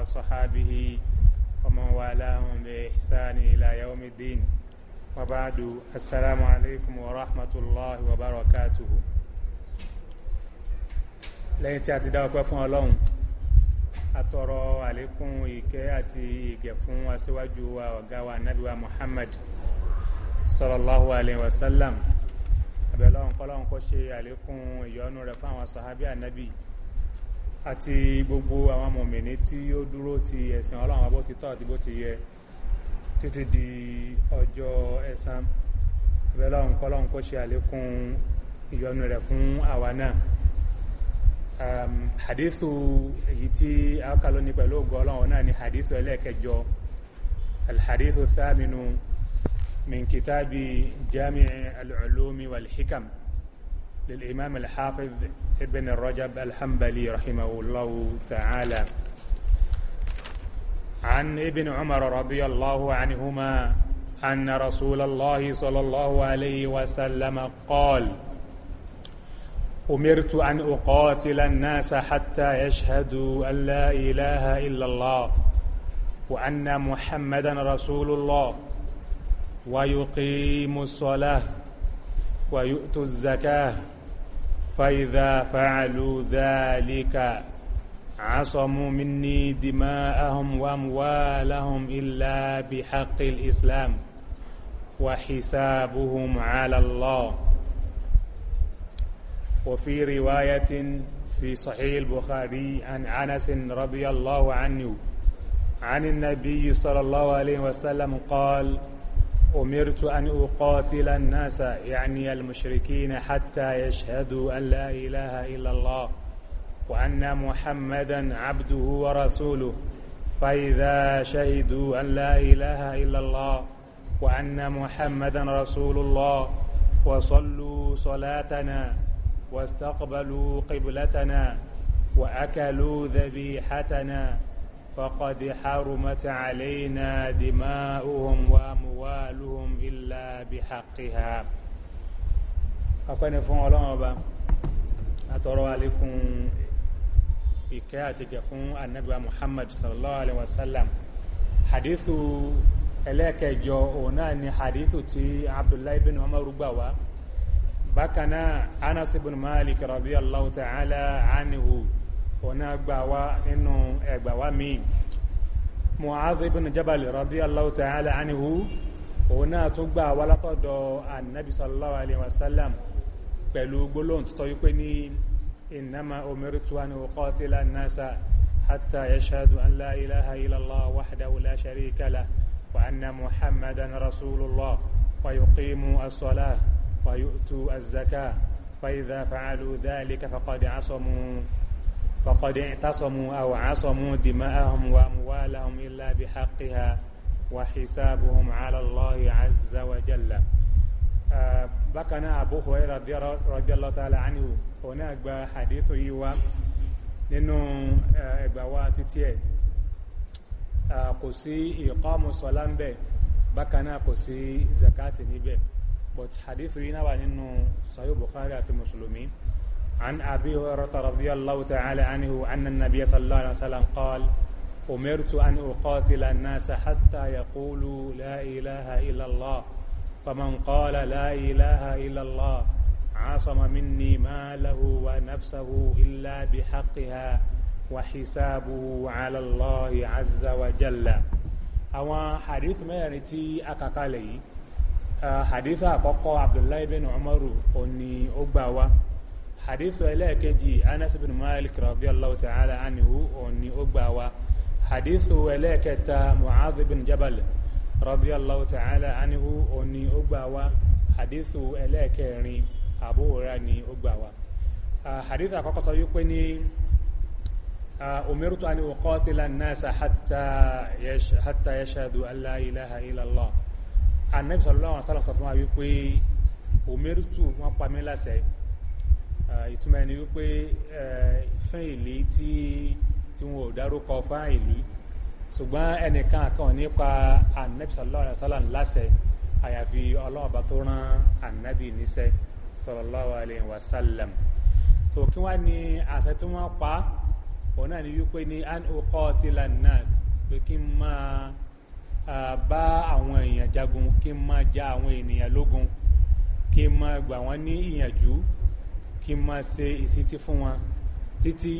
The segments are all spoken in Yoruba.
وصحابه ومن والاهم بإحسان إلى يوم الدين وبعد السلام عليكم ورحمة الله وبركاته lẹ́yìn tí a ti dá ọpẹ́ fún ọlọ́run atọrọ àlékún ìkẹ́ àti ìgẹ̀ fún aṣíwájú wa ọ̀gá wa ànábì wa Muhammad sallallahu alayhi wa sallam abẹ́lọ́run kọ́lọ́run kó ṣe àlékún ìyọ́nú rẹ̀ fún àwọn sàhábí ànábì àti gbogbo àwọn mọ̀mìnì tí ó dúró ti ẹ̀sìn ọlọ́run abó ti tọ́ àti bó ti yẹ títí di ọjọ́ ẹ̀san bẹ́ẹ̀ lọ́run kọ́ lọ́run kó ṣe àlékún ìyọ́nú rẹ̀ fún àwa náà hadithu èyí tí a kà lónìí pẹ̀lú ògo ọlọ́run náà ni hadithu ẹlẹ́ẹ̀kẹjọ alhadithu sáàmìnú min kitabi jami'i al-ulumi wal-hikam. al ulumi للإمام الحافظ ابن الرجب الحنبلي رحمه الله تعالى عن ابن عمر رضي الله عنهما أن رسول الله صلى الله عليه وسلم قال أمرت أن أقاتل الناس حتى يشهدوا أن لا إله إلا الله وأن محمدا رسول الله ويقيم الصلاة ويؤتوا الزكاة فإذا فعلوا ذلك عصموا مني دماءهم وأموالهم إلا بحق الإسلام وحسابهم على الله وفي رواية في صحيح البخاري عن أنس رضي الله عنه عن النبي صلى الله عليه وسلم قال أمرت أن أقاتل الناس يعني المشركين حتى يشهدوا أن لا إله إلا الله وأن محمدا عبده ورسوله فإذا شهدوا أن لا إله إلا الله وأن محمدا رسول الله وصلوا صلاتنا واستقبلوا قبلتنا وأكلوا ذبيحتنا فقد حرمت علينا دماؤهم واموالهم الا بحقها أكون فون الله أبا أترى عليكم إكاتك فون النبي محمد صلى الله عليه وسلم حديث ẹlẹ́ẹ̀kẹjọ òun náà ni hadithu ti abdullahi bin umar gbà wá bákan náà anas ibn malik rabi allahu ta'ala anihu ọ̀nà gbàwá nínú ẹgbàwá míì mu'adh ibn jabal radiyallahu ta'ala anhu òun náà tún gbà wá látọ̀dọ̀ annabi sallallahu alayhi wa sallam pẹ̀lú gbólóhùn tó sọ wípé ní innama umirtu an uqatila an-nasa hatta yashhadu an la ilaha illallah wahdahu la sharika lah wa anna muhammadan rasulullah wa yuqimu as-salah wa yu'tu az-zakah fa idha fa'alu dhalika faqad asamu فقد اعتصموا أو عصموا دماءهم وأموالهم إلا بحقها وحسابهم على الله عز وجل bákan náà Abu Hurairah radiyallahu ta'ala anhu òun náà gba hadithu yìí wá nínú ẹgbà wa títí ẹ̀ kò sí ìkọ́mù sọlá ń bẹ̀ bákan náà kò sí zakati níbẹ̀ but hadithu yìí náà wà nínú Sahih Bukhari àti mùsùlùmí عن أبي هريرة رضي الله تعالى عنه أن النبي صلى الله عليه وسلم قال أمرت أن أقاتل الناس حتى يقولوا لا إله إلا الله فمن قال لا إله إلا الله عاصم مني ماله ونفسه إلا بحقها وحسابه على الله عز وجل أو hadith ما tí أكاكالي آه، حديث kalẹ̀ عبد hadith بن عمر أني umaru hadithu ẹlẹ́ẹ̀kejì anas bin malik radiyallahu ta'ala anhu òní ó gbà wá hadithu ẹlẹ́ẹ̀kẹta mu'adh bin jabal radiyallahu ta'ala anhu òní ó gbà wá hadithu ẹlẹ́ẹ̀kẹrin abu hurairah ni ó gbà wá hadithu àkọ́kọ́ sọ wípé ní umirtu an uqatila an-nasa hatta hatta yashhadu an la ilaha illa allah anabi sallallahu alaihi wasallam sọ fún wa umirtu wọn pa Ah, ìtumọ̀ ẹni wípé eh, fẹ́ẹ̀lì tí tí wọn ò dárúkọ fáìlì ṣùgbọ́n ẹnìkan kan nípa anabi sallallahu alayhi wa sallam láṣẹ àyàfi ọlọ́ọ̀bá tó rán anabi níṣẹ́ sallallahu alayhi wa sallam tó kí wá ní àṣẹ tí wọ́n pa òun náà ni wípé ní an uqatila nas pé kí n máa bá àwọn èèyàn jagun kí n máa ja àwọn ènìyàn lógun kí n máa gbà wọ́n ní ìyànjú kí n máa ṣe ìsítí fún wọn títí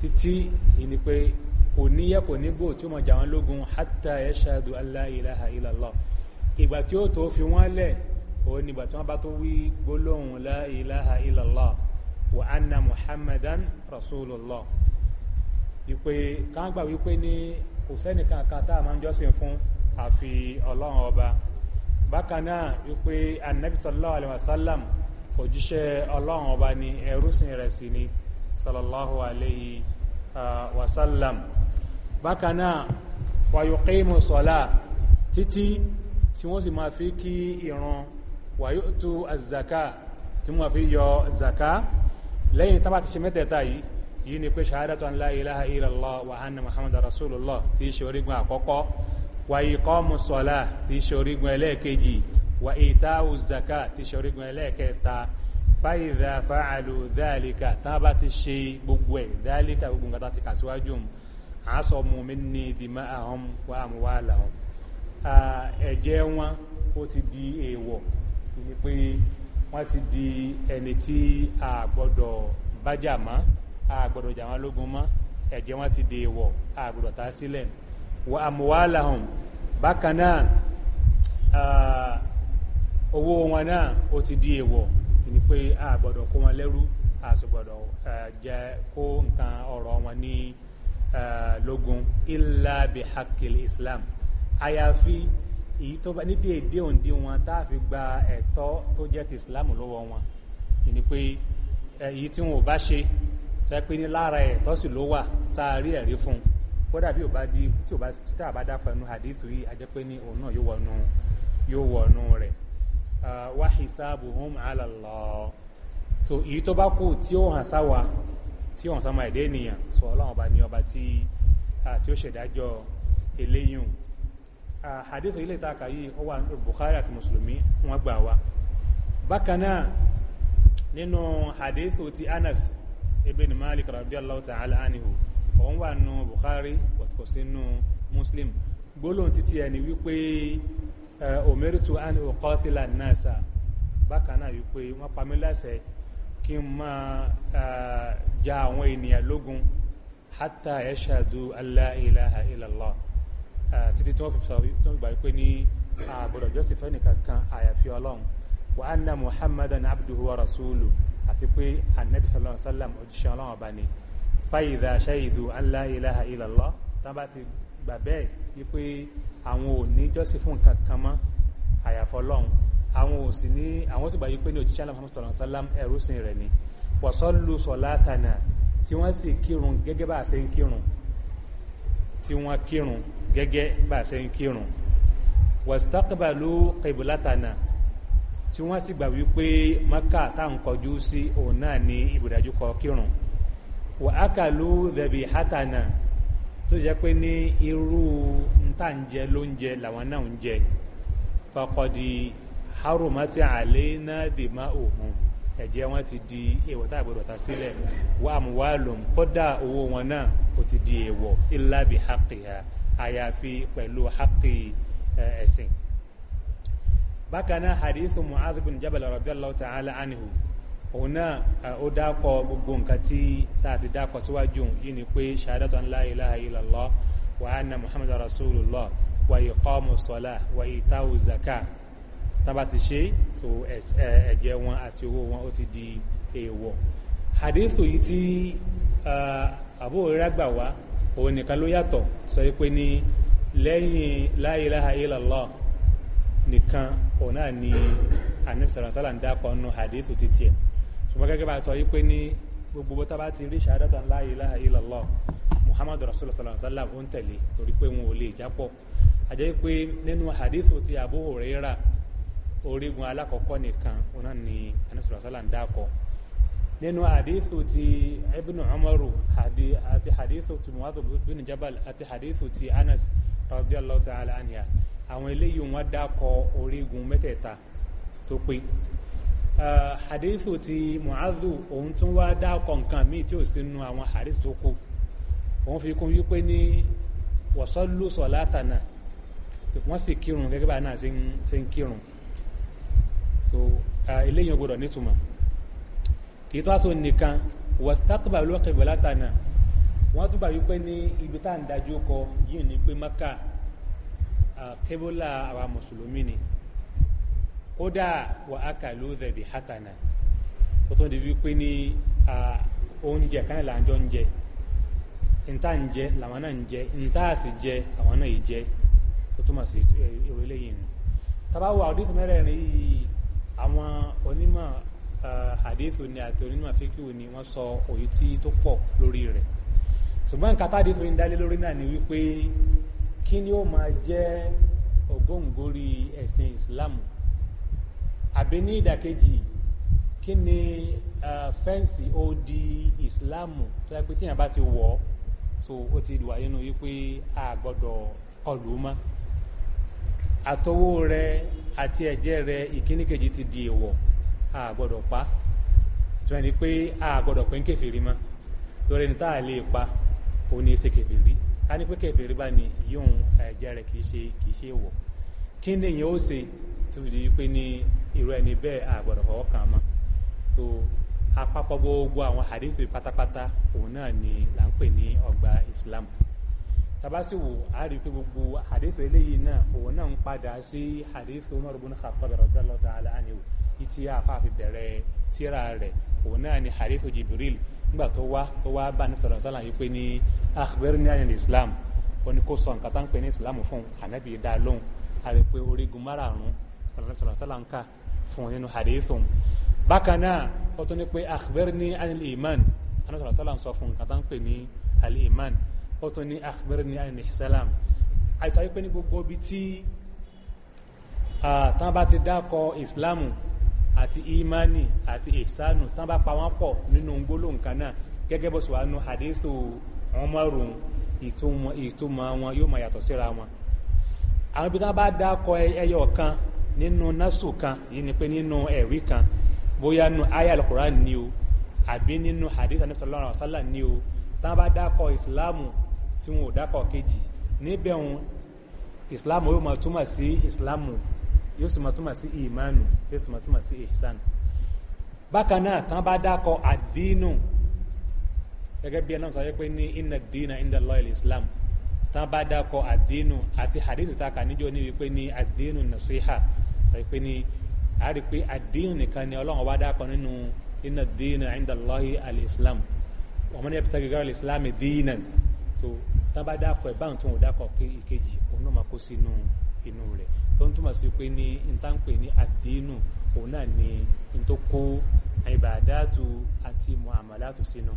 títí ìní pé kò níyẹ kò nígbò tí ó mọ̀ jà wọn lógun hatta yashadu alla ilaha illallah ìgbà tí ó tó fi wọ́n lẹ̀ òun nígbà tí wọ́n bá tó wí gbólóhùn la ilaha illallah wa anna muhammadan rasulullah ìpè káńgbà wípé ní kò sẹ́nìkan kan tá a máa ń jọ́sìn fún àfi ọlọ́run ọba bákan náà wípé anabi sallallahu alayhi wa sallam òjíṣẹ́ ọlọ́run ọba ni ẹrúsìn rẹ̀ sì ni sallallahu alayhi wa sallam bákan náà wa yuqimu sọlá títí tí wọ́n sì máa fi kí ìran wa yu'tu az-zaka tí wọ́n fi yọ zaka lẹ́yìn tábà ti ṣe mẹ́tẹ̀ẹ̀ta yìí yìí ni pé ṣahadatu an la ilaha illallah wa anna muhammad rasulullah tí ṣe orígun àkọ́kọ́ wa iqamu sọlá tí ṣe orígun ẹlẹ́ẹ̀kejì wa ìtaù zaka ti ṣọrígun ẹlẹ́ẹ̀kẹta fáìdà fáàlù dhalika tá a bá ti ṣe gbogbo ẹ̀ dhalika gbogbo nǹkan tá a ti kà síwájú mu àásọmù mi ní dìmọ́ àwọn wa àmúwàlà wọn ẹ̀jẹ̀ wọn ó ti di èèwọ̀ ni pé wọ́n ti di ẹni tí a gbọ́dọ̀ bájà mọ́ a gbọ́dọ̀ jà wọn lógun mọ́ ẹ̀jẹ̀ wọn ti di èèwọ̀ a gbọ́dọ̀ ta sílẹ̀ wa àmúwàlà wọn bákan náà owó wọn náà ó ti di èèwọ̀ ni pé a gbọ́dọ̀ kó wọn lẹ́rú a sì gbọ́dọ̀ jẹ́ kó nǹkan ọ̀rọ̀ wọn ní lógun illa bihakil islam àyàfi èyí tó bá ní déédéé òǹdí wọn tá a fi gba ẹ̀tọ́ tó jẹ́ ti islam lọ́wọ́ wọn ni pé èyí tí wọn ò bá ṣe fẹ́ pé ní lára ẹ̀tọ́ sì ló wà tá a rí ẹ̀rí fún un kódà bí ò bá di tí ò bá tí a bá dá pẹ̀lú hadith yìí a jẹ́ pé ní òun náà yóò wọnú rẹ̀ wa hisabuhum ala Allah so èyí tó bá kú tí ó hàn sáwa tí ó hàn sáwa ẹ̀dẹ́ ènìyàn so ọlọ́run ọba ní ọba tí tí ó ṣèdájọ́ eléyìn hadith ilé ìtaka yìí ó wà Bukhari àti mùsùlùmí wọ́n gbà wá bákan náà nínú hadith ti Anas ibn Malik radiyallahu ta'ala anhu òun wà nù Bukhari kò sínú Muslim gbólóhùn títí ẹni wípé omerutu eh, an uqatila nasa bákan náà wípé wọ́n pa mí láṣẹ kí n máa eh, ja àwọn ènìyàn lógun hatta yashadu alla ilaha illallah eh, títí tí wọ́n fi sọ tó gbà wípé ní àgbọ̀dọ̀ jọ́sìn fẹ́nìkan kan àyàfi ọlọ́run wa anna muhammadan abduhu wa rasuluhu àti pé anabi sallallahu alaihi wa sallam òjíṣẹ́ ọlọ́run ọba ni fayida shahidu an la ilaha bá ti gbà bẹ́ẹ̀ wípé àwọn ò ní jọ́sìn fún nǹkan kan mọ́ àyàfọ́ lọ́hùn àwọn ò sì ní àwọn sì gbà wípé ní òjíṣẹ́ aláàmú sọ̀rọ̀ sálám ẹrú sìn rẹ̀ ni wọ́sọ́lù sọ̀lá tànà tí wọ́n sì kírun gẹ́gẹ́ bá a ṣe ń kírun tí wọ́n kírun gẹ́gẹ́ bá a ṣe ń kírun wọ́sítàkìbàlú kẹbùlá tànà tí wọ́n sì gbà wípé maka tá kọjú sí òun náà ní ìbùdájú kọ kírun wọ́n ákàlù dẹ̀bì hátànà tó jẹ́ pé ní irú ntànjẹ lóúnjẹ làwọn náà ń jẹ fakọdi harumati alena dema ohun ẹ̀jẹ̀ wọn ti di èèwọ̀ tá a gbọ́dọ̀ ta sílẹ̀ wà á kódà owó wọn náà ó ti di èèwọ̀ illa bi haqqiha àyàfi pẹ̀lú haqqi eh, ẹ̀sìn. bákan náà hadithu mu'adh bin jabal radiyallahu ta'ala anhu òun náà ó dákọ gbogbo nǹkan tí tá a ti dákọ síwájú yìí ni pé shahadatu an la ilaha illallah wa anna muhammadu rasulullah wa iqamu salah wa itau zaka tá a bá ti ṣe so ẹ̀jẹ̀ wọn àti owó wọn ó ti di èèwọ̀ hadithu yìí tí àbúrò rẹ̀ gbà wá òun nìkan ló yàtọ̀ sọ pé ní lẹ́yìn la ilaha illallah nìkan òun náà ni àníbísọ̀rọ̀ sálà ń dákọ̀ nù hadithu títí ẹ̀ ṣùgbọ́n gẹ́gẹ́ bá a sọ yìí pé ní gbogbo bó tábà ti rí ṣahadatan la ilaha illallah muhammadu rasulullah sallallahu alaihi wa sallam ó ń tẹ̀lé torí pé wọn ò lè jápọ̀ àjẹ́ pé nínú hadith ti Abu Huraira, orígun alákọ̀ọ́kọ́ nìkan ọ̀nà ni anasọ̀rọ̀ sálà ń dákọ̀ nínú hadith ti ibnu umaru àti hadith ti muwazu bin jabal àti hadith ti anas radiyallahu ta'ala anha àwọn eléyìí wọn dákọ̀ orígun mẹ́tẹ̀ẹ̀ta tó pé Eh, hadithu ti mu'adhu òun tún wá dá kọ̀ǹkan míì tí ò sí nu àwọn hadith tó kù òun fi kún wípé ní wasallu salatana wọ́n sì kírun gẹ́gẹ́ bá náà ṣe ń kírun so eh, eléyìí gbọ́dọ̀ nítumọ̀ kì í tó aṣọ nìkan wastaqbalu qiblatana wọ́n tún gbà wípé ní ibi tá à ń dájú kọ yìí ni pé maka eh, kébólà àwa mùsùlùmí ni. kódà wà á kà ló dẹ̀bi hátànà ó tún di wípé ní oúnjẹ kan là ń jọ ń jẹ níta ń jẹ làwọn náà ń jẹ nta sì jẹ àwọn náà yìí jẹ ó túmọ̀ sí ìwé lẹ́yìn nù tábà wo àdéhùn mẹ́rẹ̀ẹ̀rin yìí àwọn onímọ̀ àdéhùn ni àti onímọ̀ fíkìwò ni wọ́n sọ òye tí tó pọ̀ lórí rẹ̀ ṣùgbọ́n nǹkan tá àdéhùn dálé lórí náà ni wípé kí ni ó máa jẹ́ ògóǹgórí ẹ̀sìn ìsìláàmù àbí ní ìdàkejì kí ni fẹ́ǹsì odi ìsìláàmù tó yẹ pé tíyàn bá ti wọ̀ ọ́ so ó ti wà nínú wípé a gbọ́dọ̀ kọlù mọ́ àtọwọ́ rẹ àti ẹ̀jẹ̀ rẹ ìkíní ti di èèwọ̀ a gbọ́dọ̀ pa tó yẹ ni pé a gbọ́dọ̀ pé ń kèfèrí mọ́ torí ní tá a lè pa òun ní í ṣe kèfèrí a ní pé kèfèrí bá ní yíyún ẹ̀jẹ̀ rẹ kì í ṣe kì í ṣe èèwọ̀ kí ni èèyàn ó ṣe tó fi di wípé ní irú ẹni bẹ́ẹ̀ àgbọ̀dọ̀ fọwọ́ kàn mọ́ tó àpapọ̀ gbogbo àwọn hadith pátápátá òun náà ni là ń pè ní ọgbà Islam tabasiwo a rí i pé gbogbo hadith eléyìí náà òun náà ń padà sí hadith Umar ibn Khattab radiyallahu ta'ala anhu ìtì àfààfin bẹ̀rẹ̀ tírà rẹ̀ òun náà ni hadith Jibril nígbà tó wá tó wá bá nípa sọ̀rọ̀ yìí pé ní akhbirni anil Islam ó ní kó sọ nǹkan tá ń pè ní Islam fún ànábì dá lóhùn a rí i pé orígun márààrún sọ̀rọ̀ sọ̀rọ̀ ń kà fún un nínú hadithun bákan náà ó iman anábì sọ̀rọ̀ sọ̀rọ̀ sọ fún un iman ó tún ní akhbirni anil ihsan àìsàn wípé ní gbogbo ibi tí tán àti imani àti ihsanu tán bá pa wọ́n pọ̀ nínú gbólóhùn kan náà gẹ́gẹ́ bó sì wà nù hadithu Umaru ìtumọ̀ wọn yóò máa yàtọ̀ síra wọn àwọn ibi tán bá dákọ ẹyọ kan nínú násù kan yìí ni pé nínú ẹ̀rí kan bóyá nu aya al-Qur'an ni o àbí nínú hadith anabi sallallahu alaihi wa sallam ni o tá a bá dákọ̀ ìsìláàmù tí wọn ò dákọ̀ kejì níbẹ̀ wọn ìsìláàmù yóò máa túmọ̀ sí ìsìláàmù yóò sì máa túmọ̀ sí ìmánu yóò sì máa túmọ̀ sí ìsánù bákan náà tán bá dákọ̀ àdínù gẹ́gẹ́ bí ẹ náà sọ pé ní inna dina inda Allahi islam tán bá dákọ àdénù àti hadith ta kà níjọ ní wípé ní àdénù nasiha wípé ní a rí pé àdénù nìkan ni ọlọ́run bá dákọ nínú inna dénù indallahi al-islam wa man yabtaghi ghayra al-islam dinan tó tán bá dákọ ẹ̀ báwọn tó ń dákọ pé ìkejì òun náà máa kó sínú inú rẹ̀ tó ń túmọ̀ sí pé ní ìtànpè ní àdénù òun náà ni ìtòkó ìbàdàtù àti muamalatu sínú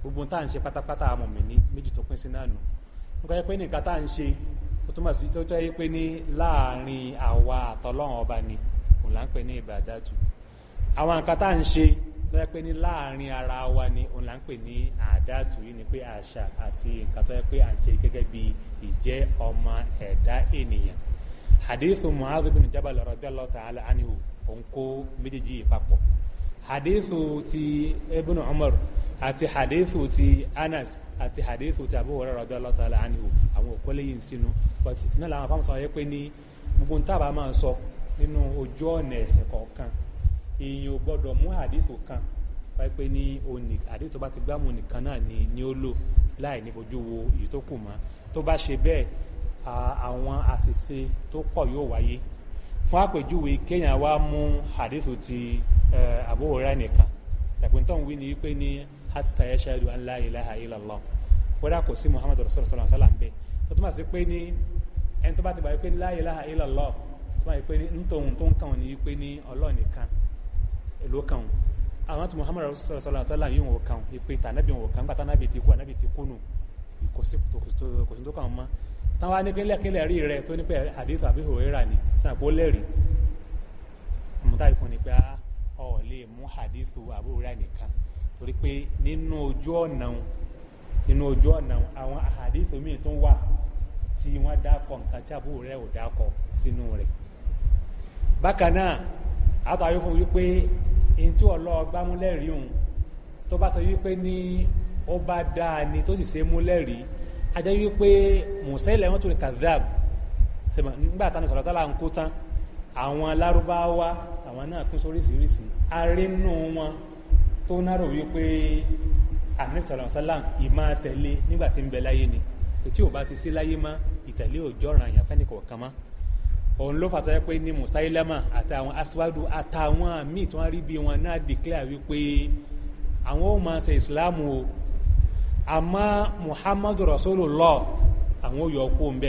gbogbo táà ń ṣe pátápátá àmọ̀mí ní méjì tó pín sí náà nù nípa pé nìkan tá à ń ṣe tó túmọ̀ sí tó jẹ́ pé ní láàrin àwa àtọlọ́run ọba ni òun là ń pè ní ìbàdàtù àwọn nǹkan tá à ń ṣe tó jẹ́ pé ní láàrin ara wa ni òun là ń pè ní àdàtù yìí ni pé àṣà àti nǹkan tó jẹ́ pé à ń ṣe gẹ́gẹ́ bí ìjẹ́ ọmọ ẹ̀dá ènìyàn hadithu mu'adh bin jabal radiyallahu ta'ala anhu òun kó méjèèjì yìí papọ̀ hadithu ti ibn umar àti hadithu ti anas àti hadith ti Abu Hurairah radiyallahu ta'ala anhu àwọn òkọ́lé yìí ń sínú but náà làwọn afáwọn sọ yẹ pé ní gbogbo ń tábà máa sọ nínú ojú ọ̀nà ẹ̀sìn kọ̀ọ̀kan èèyàn ò gbọ́dọ̀ mú hadith kan wáyé pé ní òní hadith tó bá ti gbámu nìkan náà ni ni ó lò láì ní bojú wo èyí tó kù mọ́ tó bá ṣe bẹ́ẹ̀ àwọn àṣìṣe tó pọ̀ yóò wáyé fún àpèjúwe kéèyàn wá mú hadith ti Abu Hurairah nìkan ìpínlẹ̀ tó ń wí ni wípé ní hatta yashhadu an la ilaha illallah wọ́dà kò sí muhammadu rasulullah sallallahu alaihi wasallam bẹ́ẹ̀ tó túmọ̀ sí pé ní ẹni tó bá ti gbà pé la ilaha illallah tó máa pé ní ntòhun tó ń kàn ní pé ní ọlọ́ọ̀ nìkan èló kàn àwọn tó muhammadu rasulullah sallallahu alaihi wasallam yìí wò kàn ìpè tànàbì wò kàn gbàtà nàbì ti kú ànàbì ti kú nù kò sí tó kàn mọ́ táwọn anípínlẹ̀ kílẹ̀ rí rẹ̀ tó ní pé hadith àbí hòrera ni sàn kó lẹ́rìí mọ̀tàbí fún ni pé ah, ọ̀ lè mú hadith àbúrò rẹ̀ nìkan torí pé nínú ojú ọ̀nà nínú ojú ọ̀nà àwọn àhàdíìsì míì tó wà tí wọ́n dákọ̀ nǹkan tí àbúrò rẹ̀ ò dákọ̀ sínú rẹ̀ bákan náà àtàwé fún wípé ẹni tí ọlọ́ọ̀gbá múlẹ̀rí òun tó bá sọ wípé ní ó bá dáa ni tó sì ṣe múlẹ̀rí ajẹ́ wípé mùsẹ́lẹ̀ wọn tó lè kàdáàb sẹ́mọ̀ nígbà táwọn sọ̀rọ̀ sálà ń kú tán àwọn lárúbáwá àwọn náà pín sóríṣiríṣi arínú wọn tó ń hárò wípé àníṣàlọ́sálà ìmá tẹ̀lé nígbà tí ń bẹ láyé ni eti ò bá ti sí láyé má ìtẹ̀lé òjọ́ ràn yàn fẹ́ni kọ̀ọ̀kan má òun ló pé ní àtàwọn aṣáájú àtàwọn míì tí wọn náà declare wípé àwọn ò máa ṣe ìsìláàmù o àmọ́ muhammadu àwọn ò yọ kó ń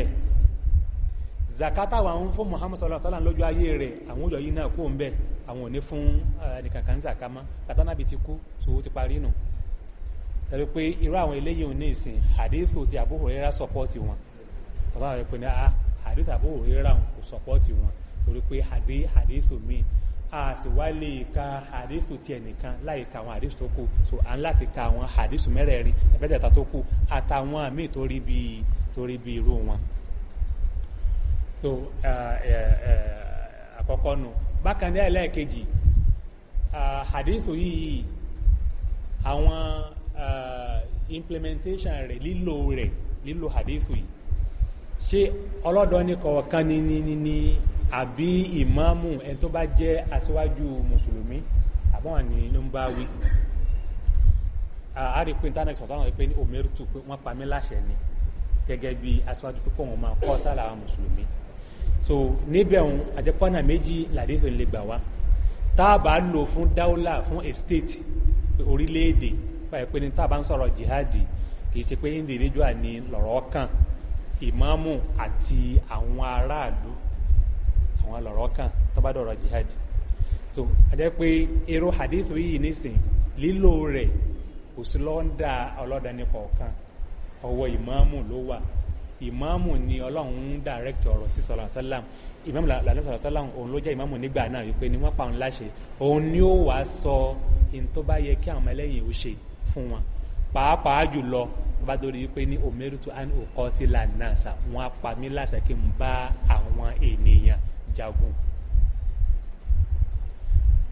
muhammadu àwọn ò yọ náà kó ń àwọn ò ní fún eh, ẹnìkan kan zaka mọ́ katanabi ti kú so ó ti parí nù ẹ̀rọ pé irú àwọn eléyìí ò ní ìsìn àdéhùn ti Abu Hurairah sọpọ́ọ̀tì wọn bàbá àwọn ẹ̀pẹ́ ní àdéhùn ah, Abu Hurairah kò sọpọ́ọ̀tì wọn torí pé àdéhùn míì a sì wá lè ka hadithu ti ẹnìkan láì ka àwọn hadithu tó kù so à ń láti ka àwọn hadithu mẹ́rẹ̀ẹ̀rin ẹ̀fẹ́dẹ̀ta tó kù àtàwọn àmì torí bí irú wọn. so eh, eh, àkọ́kọ́ nu bákan náà lẹ́ẹ̀kejì hadithu yìí àwọn implementation rẹ̀ lílo rẹ̀ lílo hadithu yìí ṣé ọlọ́dọ̀ ní kọ̀ọ̀kan ni ni ni àbí ìmáàmù ẹni tó bá jẹ́ aṣíwájú mùsùlùmí àbọ̀n ní ló ń bá wí a rí i pé internet sọ̀tàn wọn pé ní omeru tù pé wọ́n pa mí láṣẹ ni gẹ́gẹ́ bí aṣíwájú pé kóun máa kọ́ tààlà mùsùlùmí so níbẹ̀ òun àjẹpọ́nà méjì làdéhùn lè gbà wá tá a bá fún dáúlà fún estate orílẹ̀-èdè báyìí pé ní tá a bá ń sọ̀rọ̀ jihadi kì í ṣe pé individual ni lọ́rọ̀ kàn ìmáàmù àti àwọn aráàlú àwọn lọ́rọ̀ kàn tó bá so èrò hadith yìí nísìn rẹ̀ kò sí lọ́ńdà kọ̀ọ̀kan ọwọ́ ìmáàmù wà ìmáàmù ni ọlọ́run ń direct ọ̀rọ̀ sí sọ̀rọ̀ sálàm ìmáàmù làlẹ́ sọ̀rọ̀ sálàm òun ló jẹ́ ìmáàmù nígbà náà wípé ni wọ́n pa òun láṣẹ òun ni ó wàá sọ ohun tó bá yẹ kí àwọn ẹlẹ́yìn ò ṣe fún wọn pàápàá jùlọ tó bá dórí wípé ní omeritu and okoti lanasa wọn apá mi láṣẹ kí n bá àwọn ènìyàn jagun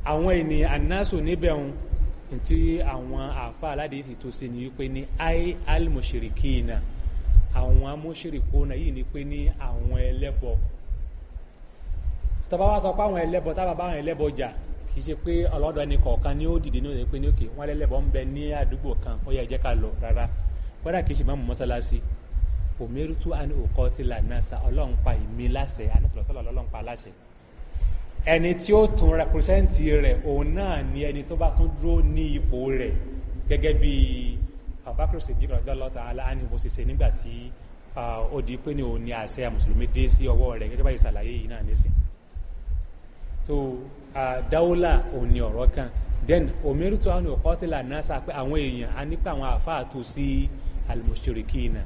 àwọn ènìyàn anaso níbẹ̀ ń tí àwọn àfa aládìí fi sí ni wípé ní ai almushirikina. Al àwọn amúṣirìkóna yìí ni pé ní àwọn ẹlẹ́bọ tọ́ba wá sọ pé àwọn ẹlẹ́bọ tábà bá àwọn ẹlẹ́bọ jà kì í ṣe pé ọlọ́dọ̀ ẹni kọ̀ọ̀kan ni ó dìde ní òde pé ní òkè wọn lẹ́lẹ́bọ ń bẹ ní àdúgbò kan ó yẹ jẹ́ ká lọ rárá kódà kì í ṣe máa mú mọ́sálásí òmérútú àni òkọ́ ti là náà sa ọlọ́run ìmí láṣẹ anásọ̀lọ́sọ̀lọ́ ọlọ́run láṣẹ ẹni tí ó tún rẹpùrẹsẹ̀ntì rẹ̀ òun náà ni ẹni tó bá tún dúró ní ipò rẹ̀ gẹ́gẹ́ bíi Abubakar Siddiq radiyallahu ta'ala anhu bó ṣe ṣe nígbà tí ah, ó di pé ní òun ni àṣẹ mùsùlùmí dé sí ọwọ́ rẹ̀ gẹ́gẹ́ báyìí ṣàlàyé yìí náà nísìn so ah, dáwọ́là òun ni ọ̀rọ̀ kan then omerutu àwọn òkọ́tìlà náà sá pé àwọn èèyàn á nípa àwọn àáfàá tó sí al-mushrikina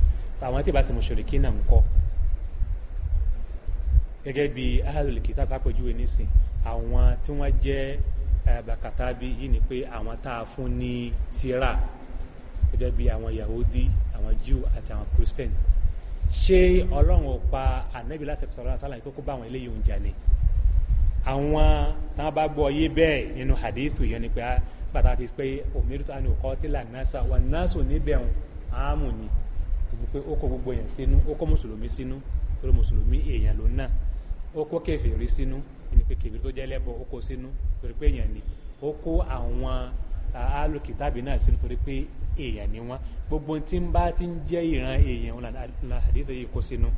àwọn tí ì bá ṣe mushrikina ń kọ́ gẹ́gẹ́ bí ahlul kitab tápẹ̀júwe nísìn àwọn tí wọ́n jẹ́ bàkàtà bí yìí ni pé àwọn tá a fún ní tírà gẹ́gẹ́ bí àwọn Yahudi àwọn Jew àti àwọn Christian ṣé ọlọ́run pa ànábì láti sọ̀rọ̀ àṣàlà yìí kókó bá àwọn eléyìí oúnjẹ lé àwọn táwọn bá gbọ́ yé bẹ́ẹ̀ nínú hadithu yẹn ni pé ah, bàtà ti pé òmìnirítọ́ àni òkọ́ tí là nasa wà nasa ò ní bẹ̀rù àmù ni ìbí pé ó kó gbogbo yẹn sínú ó kó mùsùlùmí sínú torí mùsùlùmí èèyàn ló náà ó kó kèfèrí sínú ìní pé kèfèrí tó jẹ́ lẹ́bọ̀ ó kó sínú torí pé èèyàn ni ó kó àwọn àálò kìtàbí náà sí nítorí pé èèyàn ni wọ́n gbogbo tí ń bá ti ń jẹ́ ìran èèyàn wọn la àdéhùn yìí kó sínú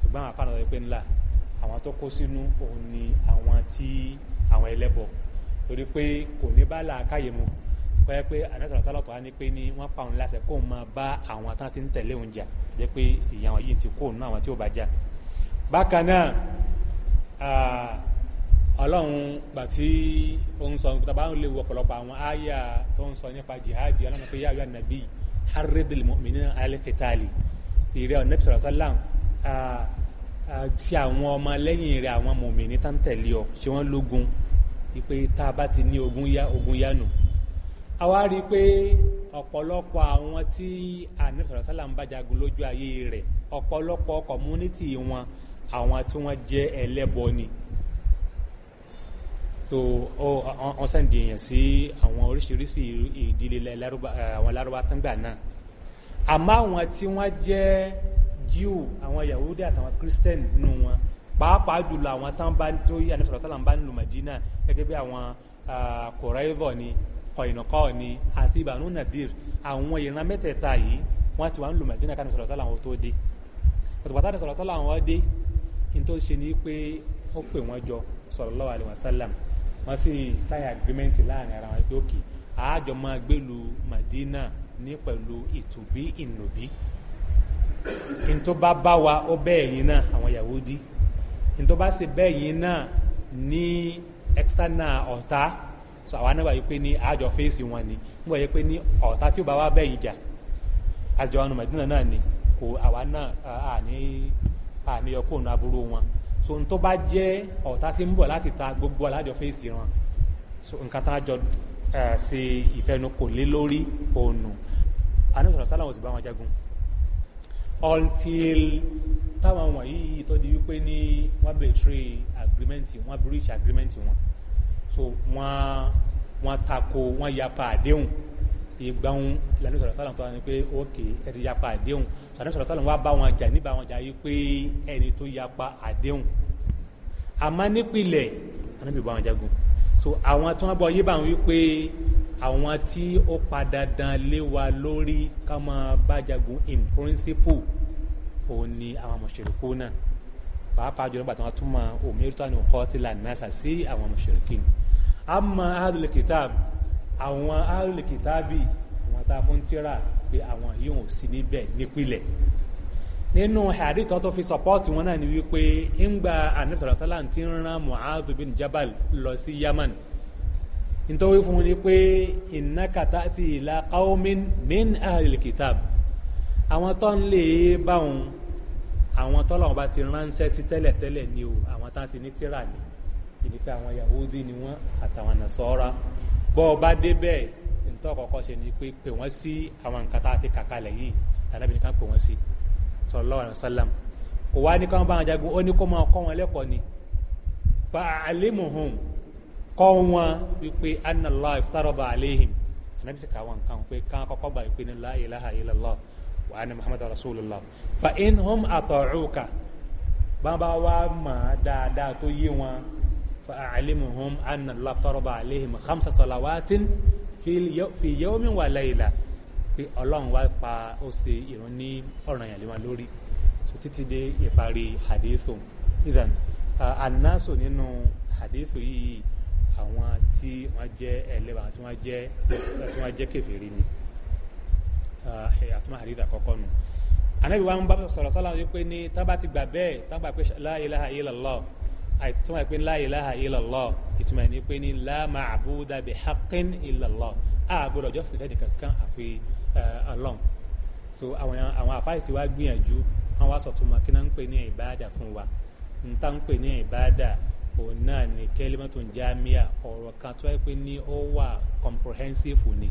ṣùgbọ́n àwọn afáàná sọ pé ńlá àwọn tó kó sínú òun ni àwọn tí àwọn ẹlẹ́bọ torí pé kò ní bá làákàyè mu pẹ́ pé àdéhùn sálọ̀tọ̀ á ní pé ní wọ́n pa òun láṣẹ kó máa bá àwọn tán ti ń tẹ̀lé òun jà jẹ́ pé ìyàwó yìí ti kó òun náà àwọn tí ó bá jà bákan náà ọlọ́run gbà tí ó ń sọ nípa báwọn lè wo ọ̀pọ̀lọpọ̀ àwọn àyà tó ń sọ nípa jihadi ọlọ́run pé yáyọ ànàbí harridil mu'minina alal qitali ìrẹ́ ọ̀nẹ́bí sọ̀rọ̀ sálàm ti àwọn ọmọ lẹ́yìn rẹ̀ àwọn mùmìnì tá ń tẹ̀lé ọ ṣé wọ́n lógun pé tá a bá ti ní ogun yá ogun yá nù. a wá rí i pé ọ̀pọ̀lọpọ̀ àwọn tí ànẹ́bí sọ̀rọ̀ sálàm bá jagun lójú ayé rẹ̀ ọ̀pọ̀lọpọ̀ community wọn àwọn tí wọ́n jẹ́ ẹlẹ́bọ so wọ́n sẹ́ǹdì èèyàn sí àwọn oríṣiríṣi ìdílé eh, àwọn lárúbá tángbà náà àmọ́ àwọn tí wọ́n jẹ́ Jew àwọn Yahudi àtàwọn Christian nínú wọn pàápàá jùlọ àwọn tán bá tó yí àníṣòro sálàm bá ń Madina gẹ́gẹ́ bí àwọn ah, kòrẹ́vọ̀ ni kọ̀ìnàkọ́ ni àti ìbànú Nadir àwọn ìran mẹ́tẹ̀ẹ̀ta yìí wọ́n ti wá ń lu Madina káníṣòro sálàm tó dé pàtàkì àníṣòro sálàm wọ́n dé ní tó ṣe ni pé ó pè wọ́n jọ sallallahu alaihi wasallam wọ́n sì sign agreement láàrin ara wọn pé òkè àájọ máa gbèlú Madina ní pẹ̀lú ìtòbí ìnòbí ntọ́ba bá wa ó bẹ́ẹ̀ yín náà àwọn Yahudi ntọ́ba sì bẹ́ẹ̀ yín náà ní external ọ̀tá so àwa náà wà yí pé ní àájọ fèsì wọn ni wọ́n wà yí pé ní ọ̀tá tí ó bá wa bẹ́ẹ̀ yín jà àjọ àwọn Madina náà ni kò àwa náà àní àníyọkùnrin aburú wọn so n tó bá jẹ́ ọ̀tá tí ń bọ̀ láti ta gbogbo alájọ fèsì wọn so nǹkan tá a jọ ṣe ìfẹnukò lé lórí òònù anisọ̀rọ̀ sálàmù sì bá wọn jagun until táwọn wọ̀nyí tó di wípé ní wọ́n betray agreement wọ́n breach agreement wọn so wọ́n wọ́n tako wọ́n yapa àdéhùn ìgbà wọn lànà sọ̀rọ̀ sálàmù tó wà ní pé ok ẹ ti yapa àdéhùn sọ̀rọ̀ sọ̀rọ̀ sọ̀rọ̀ wá bá wọn jà níbà wọn jà yìí pé ẹni tó yapa àdéhùn àmọ́ nípìnlẹ̀ anábì bá wọn jagun so àwọn tí wọ́n bọ̀ yé bá wọn wípé àwọn tí ó padà dán lé wa lórí ká bá jagun in principle òun ni àwọn mọ̀ṣẹ̀rẹ̀kú náà pàápàá jùlọ bàtà wọn tún mọ òmìnirítọ́ àni òkọ́tìlà nasa sí àwọn mọ̀ṣẹ̀rẹ̀kí àmọ́ ahlul kitab àwọn ahlul kitabi wọn ta fún tíra pé àwọn yóò sí níbẹ̀ nípìlẹ̀ nínú hadith tó fi sọpọ́ọ̀tì wọn náà ni wípé ńgbà Ànábì sallallahu alaihi wasallam ti ń rán Mu'adh bin Jabal lọ sí Yaman nítorí fún ni pé innaka ta'ti ila qaumin min ahlil kitab àwọn tó ń lè bá wọn àwọn tọ́lọ́wọ́n bá ti ránṣẹ́ sí tẹ́lẹ̀tẹ́lẹ̀ ni o àwọn tá ti ní tíra ni ìdí pé àwọn Yahudi ni wọ́n àtàwọn Nasara bọ́ ọ bá débẹ̀ ntọ́ kọ́kọ́ ṣe ni pé pè wọ́n sí àwọn nǹkan tá a ti kàkà lẹ̀ yìí tàbí nìkan pè wọ́n sí sallallahu alaihi wasallam kò wá ní káwọn bá wọn jagun ó ní kó máa kọ́ wọn lẹ́kọ̀ọ́ ni fa alimuhum kọ́ wọn wípé anallah iftaraba aleihim anabi sì káwọn nǹkan pé káwọn kọ́kọ́ gbà wípé ní la ilaha illallah wa anna fa inhum ata'uka bàbá wa mọ̀ dáadáa tó yé wọn fa alimuhum anallah iftaraba aleihim khamsa salawatin fi yawmin wa layla pé ọlọ́run wá pa ó ṣe ìrun ní ọ̀ranyàn lé wa lórí so títí dé ìparí hadithu idan anaso nínú hadithu yìí àwọn tí wọ́n jẹ́ ẹlẹ́wà tí wọ́n jẹ́ tí wọ́n jẹ́ kèfèrí ni ah, àtúmọ̀ hadith àkọ́kọ́ nù anabi wa ń bá sọ̀rọ̀ sọ́la wípé ní tábà ti gbà bẹ́ẹ̀ tábà pé la ilaha illallah àìtúmọ̀ pé la ilaha illallah ìtumọ̀ ní pé ní la ma'buda bihaqqin illallah àgbọ̀dọ̀ jọ́sìn fẹ́ẹ́ nìkankan àfi ọlọ́run so àwọn àwọn àfáàsì ti wá gbìyànjú wọn wá sọ̀tún ma kí náà ń pè ní ìbáàdà fún wa n ta ń pè ní ìbáàdà òun náà ni kẹ́límọ́tò ń jámíà ọ̀rọ̀ kan tó yẹ pé ní ó wà comprehensive ni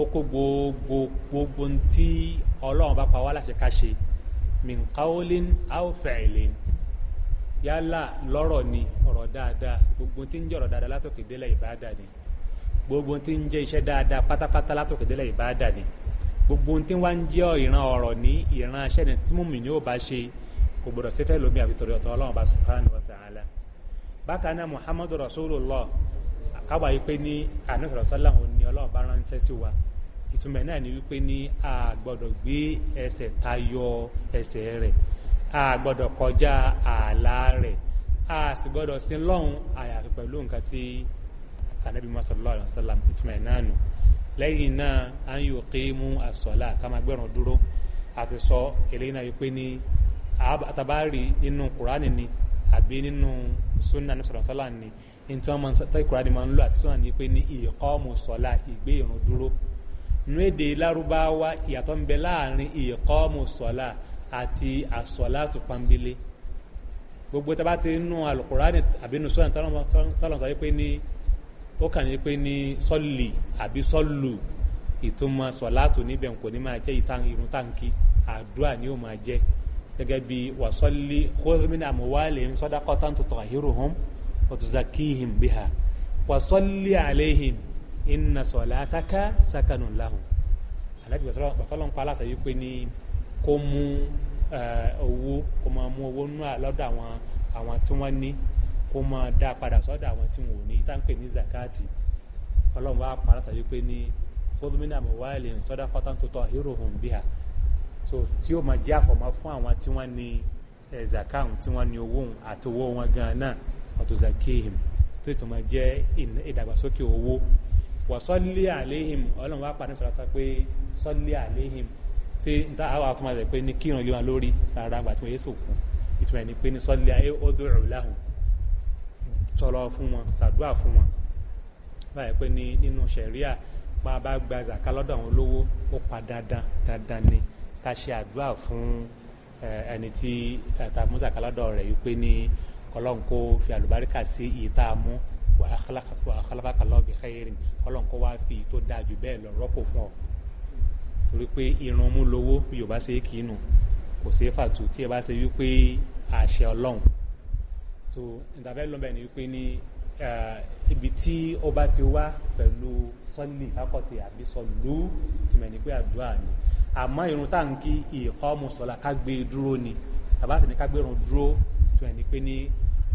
ó kó gbogbo gbogbo ntí ọlọ́run bá pa wá láṣẹ ká min qawlin aw fi'lin yálà lọ́rọ̀ ni ọ̀rọ̀ dáadáa gbogbo tí ń jẹ́ ọ̀rọ̀ dáadáa látòkè délẹ̀ ìbáadà ni gbogbo tí ń jẹ́ iṣẹ́ dáadáa pátápátá látòkè délẹ̀ ìbáadà ni gbogbo tí wá ń jẹ́ ìran ọ̀rọ̀ ní ìran aṣẹ́ ni tí mùmí ni ó bá ṣe kò gbọdọ̀ sí fẹ́ lómi àfi ọ̀tọ̀ ọlọ́run bá subhanahu wa ta'ala bákan náà muhammadu rasulullah káwa yìí pé ní ànúfẹ̀rọ̀ sálàmù ni ọlọ́run bá ránṣẹ́ sí wa ìtumọ̀ náà ni wípé ní a gbọdọ̀ gbé ẹsẹ̀ tayọ ẹsẹ̀ rẹ̀ a gbọ́dọ̀ kọjá ààlà rẹ̀ a sì gbọ́dọ̀ sin lọ́hùn àyàfi pẹ̀lú nǹkan tí anabi sallallahu alaihi wasallam ìtumọ̀ ẹ̀ náà nù lẹ́yìn náà à ń yóò ké mú àsọ̀lá ká máa gbẹ̀rún dúró àti sọ eléyìí náà yìí ní àtàbárì nínú kùránì ni àbí nínú sunna anabi sallallahu alaihi wasallam ni ntí wọn máa ń tẹ́ kùránì máa ń lò àti sunna ni pé ní ìkọ́mù sọ̀lá ìgbé ìrun dúró nú èdè lárúbáwá ìyàtọ̀ ń bẹ láàrin ìkọ́mù sọ̀lá àti àsọ̀láàtù pàmbélé gbogbo tá a bá ti nú alukurani àbí nù sọ́nà tọ́lọ̀ sọ pé ní ó kàn ní pé ní sọ́lì àbí sọ́lù ìtumọ̀ sọ̀láàtù níbẹ̀ kò ní máa jẹ́ irun táǹkì àdúrà ni ó máa jẹ́ gẹ́gẹ́ bí wàsọ́lì kóhìmínà àmúwálẹ̀ ń sọ́dá kọ́tà tó tọ̀ àhírò hàn ọ̀tùzàkìhìm bíhà wàsọ́lì àlẹ́hìm ìnà sọ̀látàkà sákànù láhùn aláàbí wàsọ́lọ́n pa aláṣà yìí pé ní kó mú owó kó máa mú owó nù lọ́dọ̀ àwọn àwọn tí wọ́n ní kó máa dá padà sọ́dọ̀ àwọn tí wọ́n ní pè zakati ọlọ́run wá pa látàrí pé ní sọ́dọ̀ pátán tó tọ́ hero home so tí ó máa jẹ́ àfọ̀mọ́ fún àwọn tí wọ́n ní tí wọ́n ní owó wọn gan náà tó máa jẹ́ ìdàgbàsókè owó wọ́n ṣé níta àwọn àwọn tó máa ṣe pé ní kírun ilé wọn lórí rárá àgbà tí wọ́n yé sòkun ìtumọ̀ ẹni pé ní sọ́lé ayé ọdún ìrù láhùn tọrọ fún wọn ṣàdúrà fún wọn báyìí pé ní nínú ṣẹ̀ríà pa bá gba zàká lọ́dọ̀ àwọn olówó ó pa dandan dandan ni ká ṣe àdúrà fún ẹni tí àtàmú zàká lọ́dọ̀ rẹ̀ yìí pé ní kọlọ́n kó fi àlùbáríkà sí iye tá a mú wàhálà kọlọ́n kó wá fi tó dáa jù bẹ́ẹ̀ lọ rọ́pò fún ọ torí pé irun mú lówó yorùbá ṣe é kì í nù kò ṣe é fàtú tí ẹ bá ṣe wípé àṣẹ ọlọ́run so ìtàfẹ́ lọ́bẹ̀ ni wípé ní ibi tí ó bá ti wá pẹ̀lú sọ́lì fákọ̀tì àbí sọ́lù tìmẹ̀ ní pé àdúrà ni àmọ́ irun tá à ń kí ìkọ́mù sọ̀la ká gbé e dúró ni tàbá sì ní ká gbé irun dúró tìmẹ̀ ní pé ní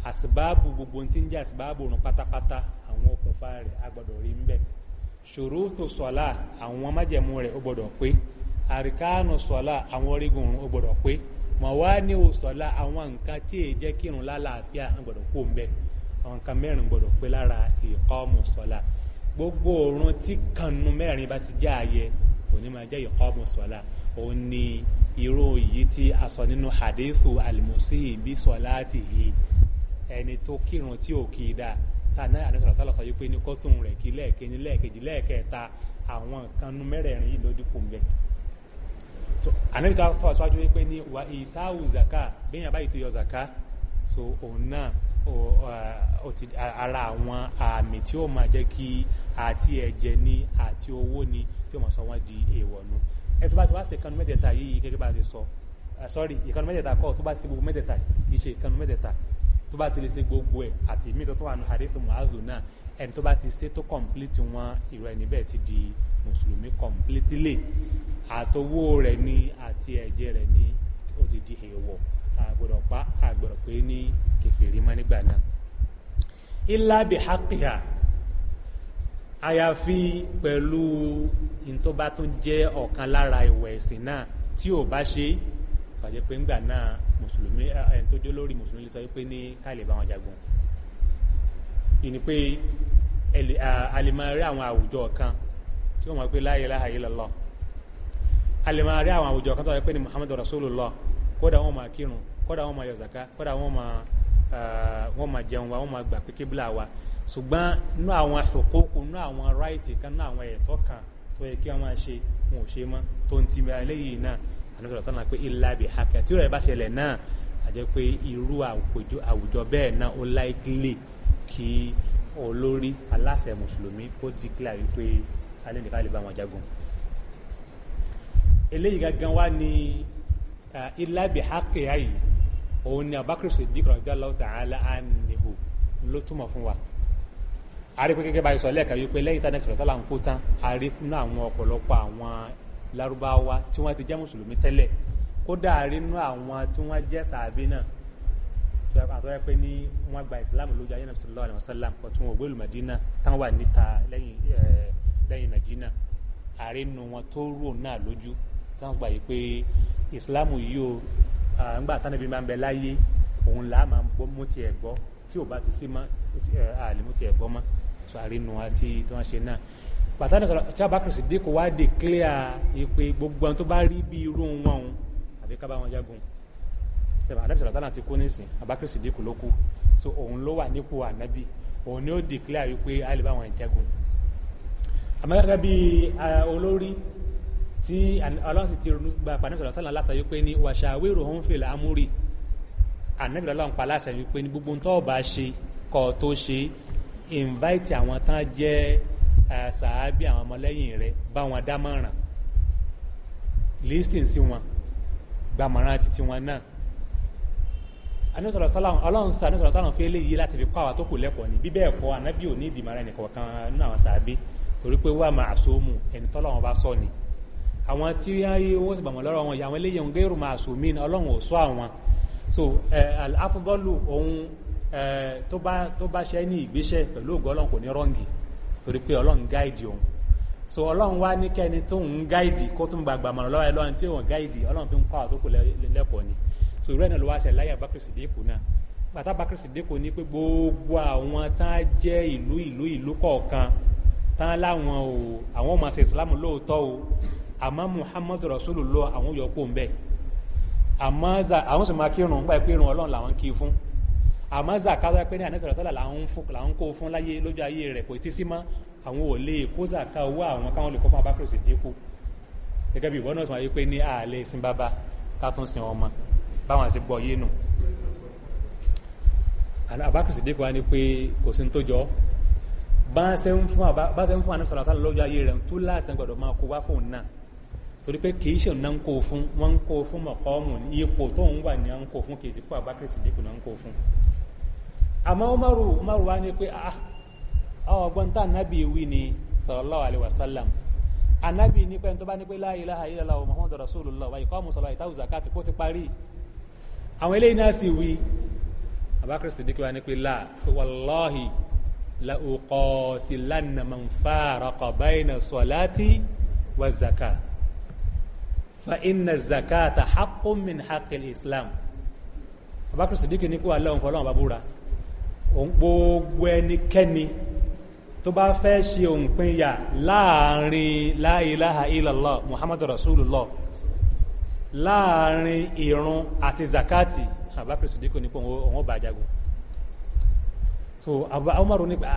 àsìbáàbù gbogbo tí ń jẹ́ àsìbáàbù òrùn pátápátá àwọn okùnfà rẹ̀ a rí ń bẹ̀ soro sọlá àwọn májẹ̀mú rẹ̀ ó gbọdọ pé àríkánu sọlá àwọn orígun òrùn ó gbọ́dọ̀ pé mọ̀wání ò sọlá àwọn nǹkan tí èyí jẹ́ kírun lálàáfíà ń gbọ́dọ̀ kó ń bẹ̀ àwọn nǹkan mẹ́rin pé gbogbo oorun tí kanu meri bá ti jẹ́ ààyè òní máa jẹ́ ìkọ́mù sọlá òun ni irú yìí ti nínú alimusi ibi sọlá ti ẹni tó kírun tí ò ta náà àdéhùn sálọ sọ wípé ní kọ́tún rẹ̀ kí lẹ́ẹ̀kejì lẹ́ẹ̀kejì lẹ́ẹ̀kẹta àwọn nǹkan nu mẹ́rẹ̀ẹ̀rin yìí ló dínkù mbẹ́. ànábi tó tọ́ aṣáájú wípé ní wà ìtaù zaka bẹ́yìn àbáyé ti yọ zaka so òun náà ara àwọn àmì tí ó máa jẹ́ kí àti ẹ̀jẹ̀ ni àti owó ni tí ó máa sọ wọ́n di èèwọ̀ nu ẹ tó bá ti wá sí ìkànnì mẹ́tẹ̀ẹ̀ta yìí gẹ́gẹ́ bá ti sọ sorry ìkànnì mẹ́tẹ̀ẹ̀ta kọ́ tó bá ti gbogbo mẹ́tẹ̀ẹ̀ta kì í ṣe ìkànnì mẹ́tẹ̀ẹ̀ta tó bá ti lè ṣe gbogbo ẹ̀ àti mí tó tó wà ní hadithu muazu náà ẹni tó bá ti ṣe tó kọ̀mpilíìtì wọn ìrọ ẹni bẹ́ẹ̀ ti di mùsùlùmí kọ̀mpilíìtìlè àtọwó rẹ̀ ní àti ẹ̀jẹ̀ rẹ̀ ní ó ti di èèwọ̀ àgbọ̀dọ̀ pa àgbọ̀dọ̀ pé ní kẹfìrí mọ́ nígbà náà. ilá bi haqiha àyàfi pẹ̀lú ìtọ́ba tó jẹ́ ọ̀kan lára ìwẹ̀ náà tí ò bá ṣe é sàjẹ́ pé ńgbà náà mùsùlùmí ẹni tó jó lórí mùsùlùmí lè sọ pé ní káàlè bá wọn jagun ìní pé a lè máa rí àwọn àwùjọ kan tí wọ́n mọ̀ pé la ilaha illallah a lè máa rí àwọn àwùjọ kan tó wọ́n pé ní muhammadu rasulullah kódà wọ́n máa kírun kódà wọ́n máa yọ zaka kódà wọ́n máa wọ́n máa jẹun wa wọ́n máa gbà pé kébìlà wa ṣùgbọ́n nú àwọn hukuku nú àwọn ráìtì kan nú àwọn ẹ̀tọ́ kan tó yẹ kí wọ́n máa ṣe wọn ò ṣe mọ́ tó ń ti bá eléyìí náà ànúbẹ̀rẹ̀ sọ́nà pé ilá bi haka tí ó rẹ̀ bá ṣẹlẹ̀ náà àjẹ́ pé irú àwùjọ bẹ́ẹ̀ náà ó láìkílè kí olórí aláṣẹ mùsùlùmí kó díkìlà wípé alẹ́ nìkan lè bá wọn jagun eléyìí gangan wá ní ilá bi haka yìí òun ni Abubakar Siddiq radiyallahu ta'ala anhu ló túmọ̀ fún wa àrípé gẹ́gẹ́ báyìí sọ lẹ́ẹ̀kan wípé lẹ́yìn tá nẹ́ẹ̀sì pẹ̀lú sálà ń kó tán àríkún náà àwọn ọ̀pọ̀lọpọ̀ àwọn larubawa tí wọ́n ti jẹ́ mùsùlùmí tẹ́lẹ̀ kódà rínú àwọn tí wọ́n jẹ́ sàábí náà àtọ́wọ́ pé ní wọ́n gba ìsìlámù lójú ayé nàbí sallallahu alaihi wasallam kò tí wọ́n gbé olùmọ̀dínà táwọn wà níta lẹ́yìn nàìjíríà àrínú wọn tó rò náà lójú táwọn gbà yìí pé ìsìlámù yìí o ńgbà tánàbí máa ń bẹ láyé òun là máa mú tiẹ̀ gbọ́ tí ò bá ti sí mọ́ àlè mú tiẹ̀ gbọ́ mọ́ àrínú àti tí wọ́n ṣe náà pàtàkì sọ̀rọ̀ tí abakar Siddiq wá declare ìpè gbogbo àwọn tó bá rí bí irú wọn òun àbí ká bá wọn jagun ṣẹba anabi sọ̀rọ̀ sálà ti kú nísìn abakar Siddiq ló kú so òun ló wà nípò anabi òun ni ó declare wípé a lè bá wọn jagun àmọ́ gẹ́gẹ́ bí olórí tí ọlọ́run sì ti gba pàtàkì sọ̀rọ̀ sálà látàrí pé ní washawirhum fil amri anabi lọ́lọ́run pa láṣẹ wípé ní gbogbo ntọ́ ọba ṣe kọ́ ọ tó ṣe invite àwọn tán jẹ́ sàábì àwọn ọmọlẹ́yìn rẹ bá wọn dámọ̀ràn lísìn sí wọn gbàmọ̀ràn àti tiwọn náà anusọ̀rọ̀ sálàm ọlọ́run sá anusọ̀rọ̀ sálàm fi eléyìí láti fi kọ́ àwọn tó kù lẹ́kọ̀ọ́ ni bí bẹ́ẹ̀ kọ́ anábì ò ní ìdìmọ̀ràn ẹnì kọ̀ọ̀kan nínú àwọn sàábì torí pé wà máa sóòmù ẹni tọ́lọ́run bá sọ ni àwọn tí wọ́n sì bàmọ̀ lọ́rọ̀ wọn yìí àwọn eléyìí ń máa sòmí ọlọ́run ò sọ àwọn so àfọwọ́lù ohun tó bá ṣe ní ìgbésẹ̀ pẹ̀lú ògbọ́lọ́n kò ní rọ́ǹgì torí pé ọlọ́run gáìdì òun so ọlọ́run wá ní kẹ́ni tó ń gáìdì kó tún gbàgbà mọ̀ràn lọ́wọ́ ẹlọ́run tí òun gáìdì ọlọ́run fi ń kọ́ àwọn tó kù lẹ́kọ̀ọ́ ni so ìrú ẹ̀ náà ló wá ṣe láyé Abubakar Siddiq náà bàtà Abubakar Siddiq ní pé gbogbo àwọn tá a jẹ́ ìlú ìlú ìlú kọ̀ọ̀kan tán láwọn o àwọn ọmọ ṣe Islam lóòótọ́ o àmọ́ Muhammadu Rasulullah àwọn yòókù ń bẹ̀ àmọ́ àwọn sì máa kírun nípa ìpínrún ọlọ́run làwọn kì fún àmọ́ zaka pé ní anẹ́sọ̀rọ̀ sọ́là là ń kó fún láyé lójú ayé rẹ̀ kò tí sí mọ́ àwọn ò lè kó zaka owó àwọn káwọn lè kó fún abákùrò sí dínkù gẹ́gẹ́ bí ìwọ náà sọ wáyé pé ní ààlẹ́ sin bàbá ká tún sin ọmọ báwọn àti gbọ́ yé nù abákùrò sí dínkù wá ní pé kò sí ní tó jọ bá ṣe ń fún anẹ́sọ̀rọ̀ sọ́là lójú ayé rẹ̀ tó láti gbọ́dọ̀ máa kó wá fóun náà torí pé kì í ṣe ọ̀nà ń kó fún wọ́n ń kó fún mọ̀kọ́mù ipò tóun wà ní à ń kó fún kì í ti kó abákùrò dínkù náà ń kó fún àmọ́ umaru umaru wá ní pé ah àwọn ọgbọ́n tá ànábì wí ni sallallahu alaihi wasallam ànábì ní pẹ́ni tó bá ní pé la ilaha illallah muhammadu rasulullah wa iqamu salati ìtawù zakati kó ti parí àwọn eléyìí náà sì wí abakar sidiki wa ní pé la wallahi la uqatilanna man faraqa bayna salati wa zakat fa inna zakata haqqun min haqqil islam abakar sidiki ní pé wà lọ́wọ́n fọlọ́wọ́n bá òun gbogbo ẹnikẹ́ni tó bá fẹ́ ṣe òǹpinya láàrin la ilaha illallah muhammadu rasulullah láàrin ìrun àti zakati abakar sidiku ní pé òun bá jagun so umaru ní pé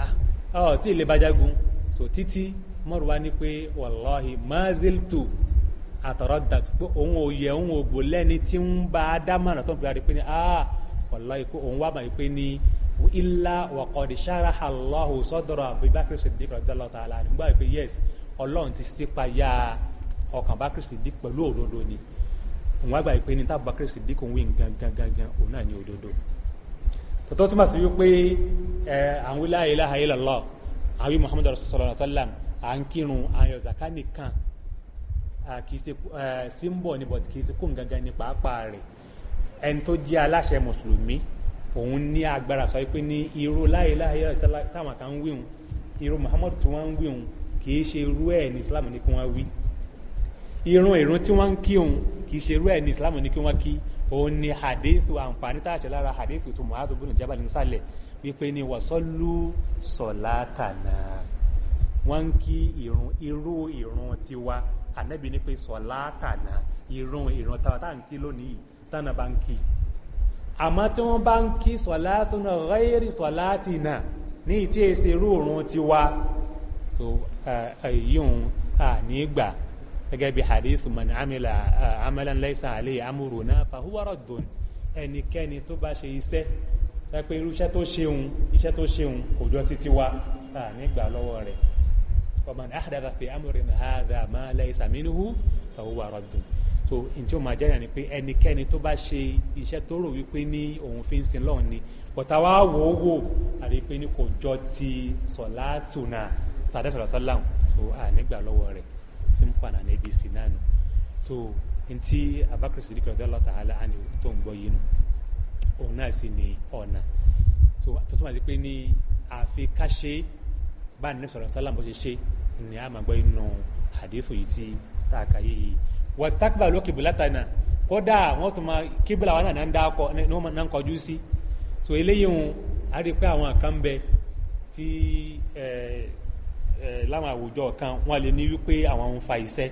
ah tí ilé bá jagun so títí umaru wá ní pé wàláhi maziltu àtọ̀rọ̀dàtù pé òun ò yẹ òun ò gbò lẹ́ni tí ń bá dámọ̀ràn tó ń fi rárí pé ní ah wàláhi pé òun wá mà pé ní illa wa qad sharaha Allahu sadra Abubakar Siddiq radiyallahu ta'ala anhu nígbà wípé yes ọlọ́run ti sípayá ọkàn Abubakar Siddiq pẹ̀lú òdodo ni òun àgbà ìpè ní tábù Abubakar Siddiq òun wí gangan gangan òun náà ní òdodo tòtò túmọ̀ sí wípé ẹ àwọn la ilaha illallah àwọn Muhammadu sallallahu alaihi wasallam à ń kírun àyàn zaka nìkan kì í ṣe símbọ̀ ni bọ̀t kì í ṣe kó gangan ní pàápàá rẹ̀ ẹni tó jẹ́ aláṣẹ mùsùlùmí òun ní agbára sọ pé ní irú láyé láyé táwọn kan ń wíhun irú muhammadu tí wọ́n ń wíhun kì í ṣe irú ẹ̀ ní islam ní kí wọ́n wí irun irun tí wọ́n ń kí òun kì ṣe irú ẹ̀ ní islam ní kí wọ́n kí òun ni hadithu àǹfààní tá a lára hadithu tó muhammadu bin jabal ní sálẹ̀ wípé ní wàsọ́lù sọ̀látànà wọ́n ń kí irun irú irun tiwa ànábì ní pé sọ̀látànà irun irun táwọn táwọn ń kí lónìí táwọn bá ń kí àmọ́ tí wọ́n bá ń kí salatuna ghairi salatina ní ìtí èsè irú ti wá so yíyún ní gbà gẹ́gẹ́ bí hadith man amila amalan laysa alayhi amruna fahuwa raddun ẹnikẹ́ni tó bá ṣe iṣẹ́ pé irú iṣẹ́ tó ṣeun iṣẹ́ tó ṣeun kò jọ títí wá nígbà lọ́wọ́ rẹ̀ wa man ahdatha fi amrina hadha ma laysa minhu fahuwa raddun so n tí ó máa jẹ́yà ni pé ẹnikẹ́ni tó bá ṣe iṣẹ́ tó rò wípé ní òun fi ń sin lọ́hùn ni bọ̀tà wá wò ó wò àti pé ní kò jọ ti sọ̀lá tòun náà tàdé sọ̀rọ̀ sọ́láhùn so ànígbà lọ́wọ́ rẹ̀ simple and abc náà nù so n tí abakar sidiki ọ̀dọ́ lọ́tà hàlà àni tó ń gbọ́ yìí nù òun náà sì ni ọ̀nà so tó túmọ̀ sí pé ní àfi ká ṣe bá ní sọ̀rọ̀ sọ́láhùn bó ṣe ṣe ni a máa gbọ́ inú àdéhùn yìí tí tá a kà yìí yìí wastakbalu kiblatana kódà wọ́n tún máa kíbla wọn náà ń dákọ náà ń kọjú sí so eléyìí wọn a rí pé àwọn kan bẹ ti, ẹ ẹ láwọn àwùjọ kan wọn lè ní wípé àwọn ń fa iṣẹ́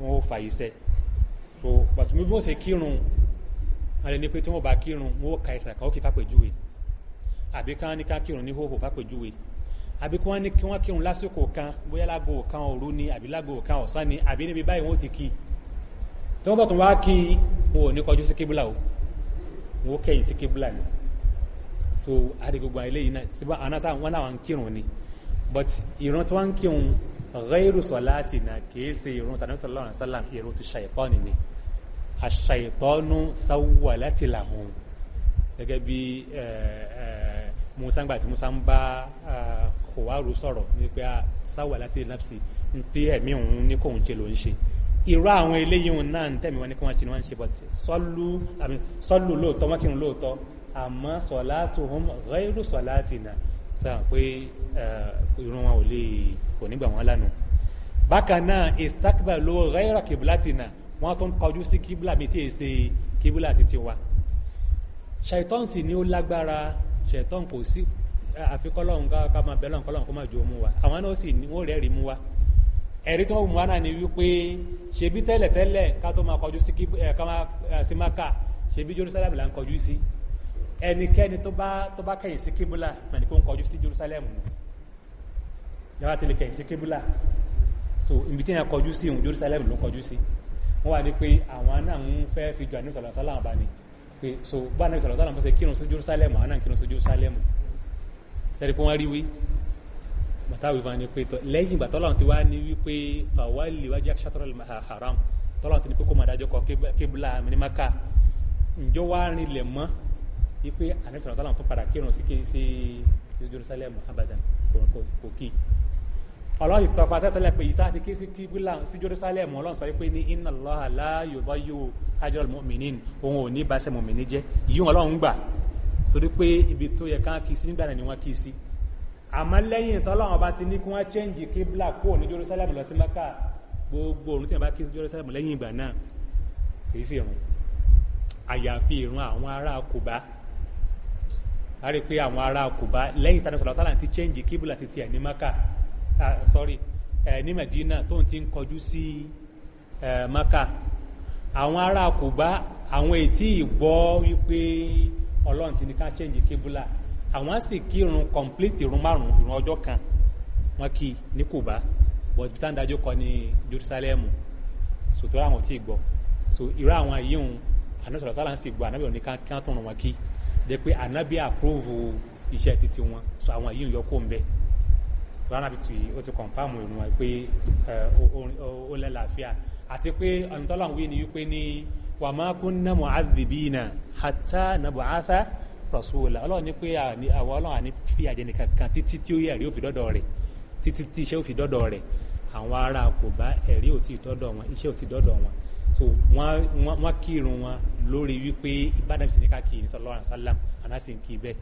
wọn ò fa iṣẹ́ so pàtùmí bí wọ́n ṣe kírun wọn lè ní pé tí wọ́n bá kírun wọn ò ka ẹsẹ̀ kan ó kì í fàpèjúwe àbí ká ní ká kírun ní hóhò fàpèjúwe àbí kí wọ́n ní kí wọ́n kírun lásìkò kan bóyá lágbo kan òru ni àbí lágbo kan ọ̀sán ni àbí níbi báyìí wọ́n ti kí tí wọ́n bọ̀ tó wá kí wọn ò ní kọjú sí kíbúlà o wọn ó kẹ́yìn sí kíbúlà ni so àti gbogbo àwọn eléyìí náà síbá àwọn wọn náà wà kírun ni but ìran tí wọ́n ń kírun ghairu salati na kìí ṣe ìrun tàbí sallallahu alaihi wasallam ìrun ti ṣàìtọ́ni ni àṣàìtọ́nu sáwùwà láti làwọn gẹ́gẹ́ bí eh, eh, Musa ń Musa ń bá ah, kò wá ro sọ̀rọ̀ ní pé a sáwà láti nafsi ní tí ẹ̀mí òun ní kò ń ṣe ló ń ṣe irú àwọn eléyìí òun náà ń tẹ̀mí wọn ní kí wọ́n ṣe ni wọ́n ń ṣe bọ̀tì sọ́lù àmì sọ́lù lóòótọ́ wọ́n kírun lóòótọ́ àmọ́ salatuhum ghayru salatina sáà pé irun wọn ò lè kò nígbà wọn lánàá bákan náà istakbalu ghayra kiblatina wọ́n tún kọjú sí kíbla mi tí èsè kíbla ti tiwa ṣàìtọ́n sì ni ó lágbára ṣàìtọ́n kò sí àfi kọ́lọ́hún ká máa bẹ́ẹ̀ lọ́hún kọ́lọ́hún kó máa jò mú wa àwọn náà sì wọ́n rẹ́ẹ̀rí mú wa ẹ̀rí tó mú wa náà ni wípé ṣebí tẹ́lẹ̀tẹ́lẹ̀ ká tó máa kọjú sí ká máa sí maka ṣebí Jerusalem là ń kọjú sí ẹnikẹ́ni tó bá tó bá kẹ̀yìn sí kíbúlà ìpàdé kó ń kọjú sí Jerusalem nù yàrá tẹ̀lé kẹ̀yìn sí kíbúlà so ibi tí yẹn kọjú sí òun Jerusalem ló kọjú sí wọ́n wà ní pé àwọn náà ń fẹ́ fi jọ àníṣàlọ́sálàm bá ní pé so bá àníṣàlọ́sálàm bá ṣe kírun sí Jerusalem àwọn náà kírun sí Jerusalem sẹ́ni pé wọ́n rí wí bàtàwí fún wa ni pé lẹ́yìn ìgbà tọ́lá ti wá ní wípé fàwálì wájú aṣáájú haram tọ́lá ti ní pé kó máa dájọ́ kọ kébùlà mínímákà ǹjọ́ wá rinlẹ̀ mọ́ wípé ànábì sọ̀rọ̀ sálàm tó padà kírun sí sí Jerusalem abadan kò kí ọlọ́run ti sọ fún atẹ́tẹ́lẹ̀ pé ìta àti kí sí kíbílà sí Jerusalem ọlọ́run sọ wípé ní inna Allaha la yubayyi'u ajral mu'minin òun ò ní bá ṣe mọ̀mìnì jẹ́ ìyí ọlọ́run torí pé ibi tó yẹ ká kì í sí nígbà náà ni wọ́n kì í sí àmọ́ lẹ́yìn tọ́lọ́wọ́n bá ti ní kí wọ́n chẹ́ǹjì kíbla kúrò ní Jerusalem lọ sí Mẹ́kà gbogbo òrùn tí wọ́n bá kí sí Jerusalem lẹ́yìn ìgbà náà kì í sí ìrun àyàfi ìrun àwọn ará Kùbá a rí i pé àwọn ará Kùbá lẹ́yìn tani sọ̀rọ̀ sálà ti chẹ́ǹjì kíbla ti tiẹ̀ ní Mẹ́kà sorry ẹ̀ ní Medina tó ń ti ń kọjú sí Mẹ́kà àwọn ará Kùbá àwọn ètí ìgbọ́ wípé ọlọ́run ti ní ká change kébùlà àwọn sì kírun complete irun márùn irun ọjọ́ kan wọn kì í ní Kùbá but bí táǹdájú kọ ní Jerusalem sòtò àwọn tí ì gbọ́ so irú àwọn yìí ń ànábì sálà ń sì gbọ́ ànábì òní ká kí wọ́n tún ràn wọ́n kí jẹ́ pé ànábì approve iṣẹ́ títí wọn so àwọn yìí ń yọ kó ń bẹ́ẹ̀ tọ́lá bìtì ó ti kọ̀nfàmù ìrùn ẹ̀ pé ó lẹ́làáfíà àti pé ọ̀nìtọ́lá ń wí ni wípé ní wa ma kunna mu'adhibina hatta nab'atha rasula ọlọ́run ní pé àwọn ọlọ́run àní fi àjẹnì kankan títí tí ó yẹ ẹ̀rí òfin dọ́dọ̀ rẹ̀ títí tí iṣẹ́ òfin dọ́dọ̀ rẹ̀ àwọn ará kò bá ẹ̀rí òtí dọ́dọ̀ wọn iṣẹ́ òtí dọ́dọ̀ wọn so wọ́n kírun wọn lórí wípé ìbádàbí sì ní ká kí ní sallallahu alaihi wasallam àná sì ń kí bẹ́ẹ̀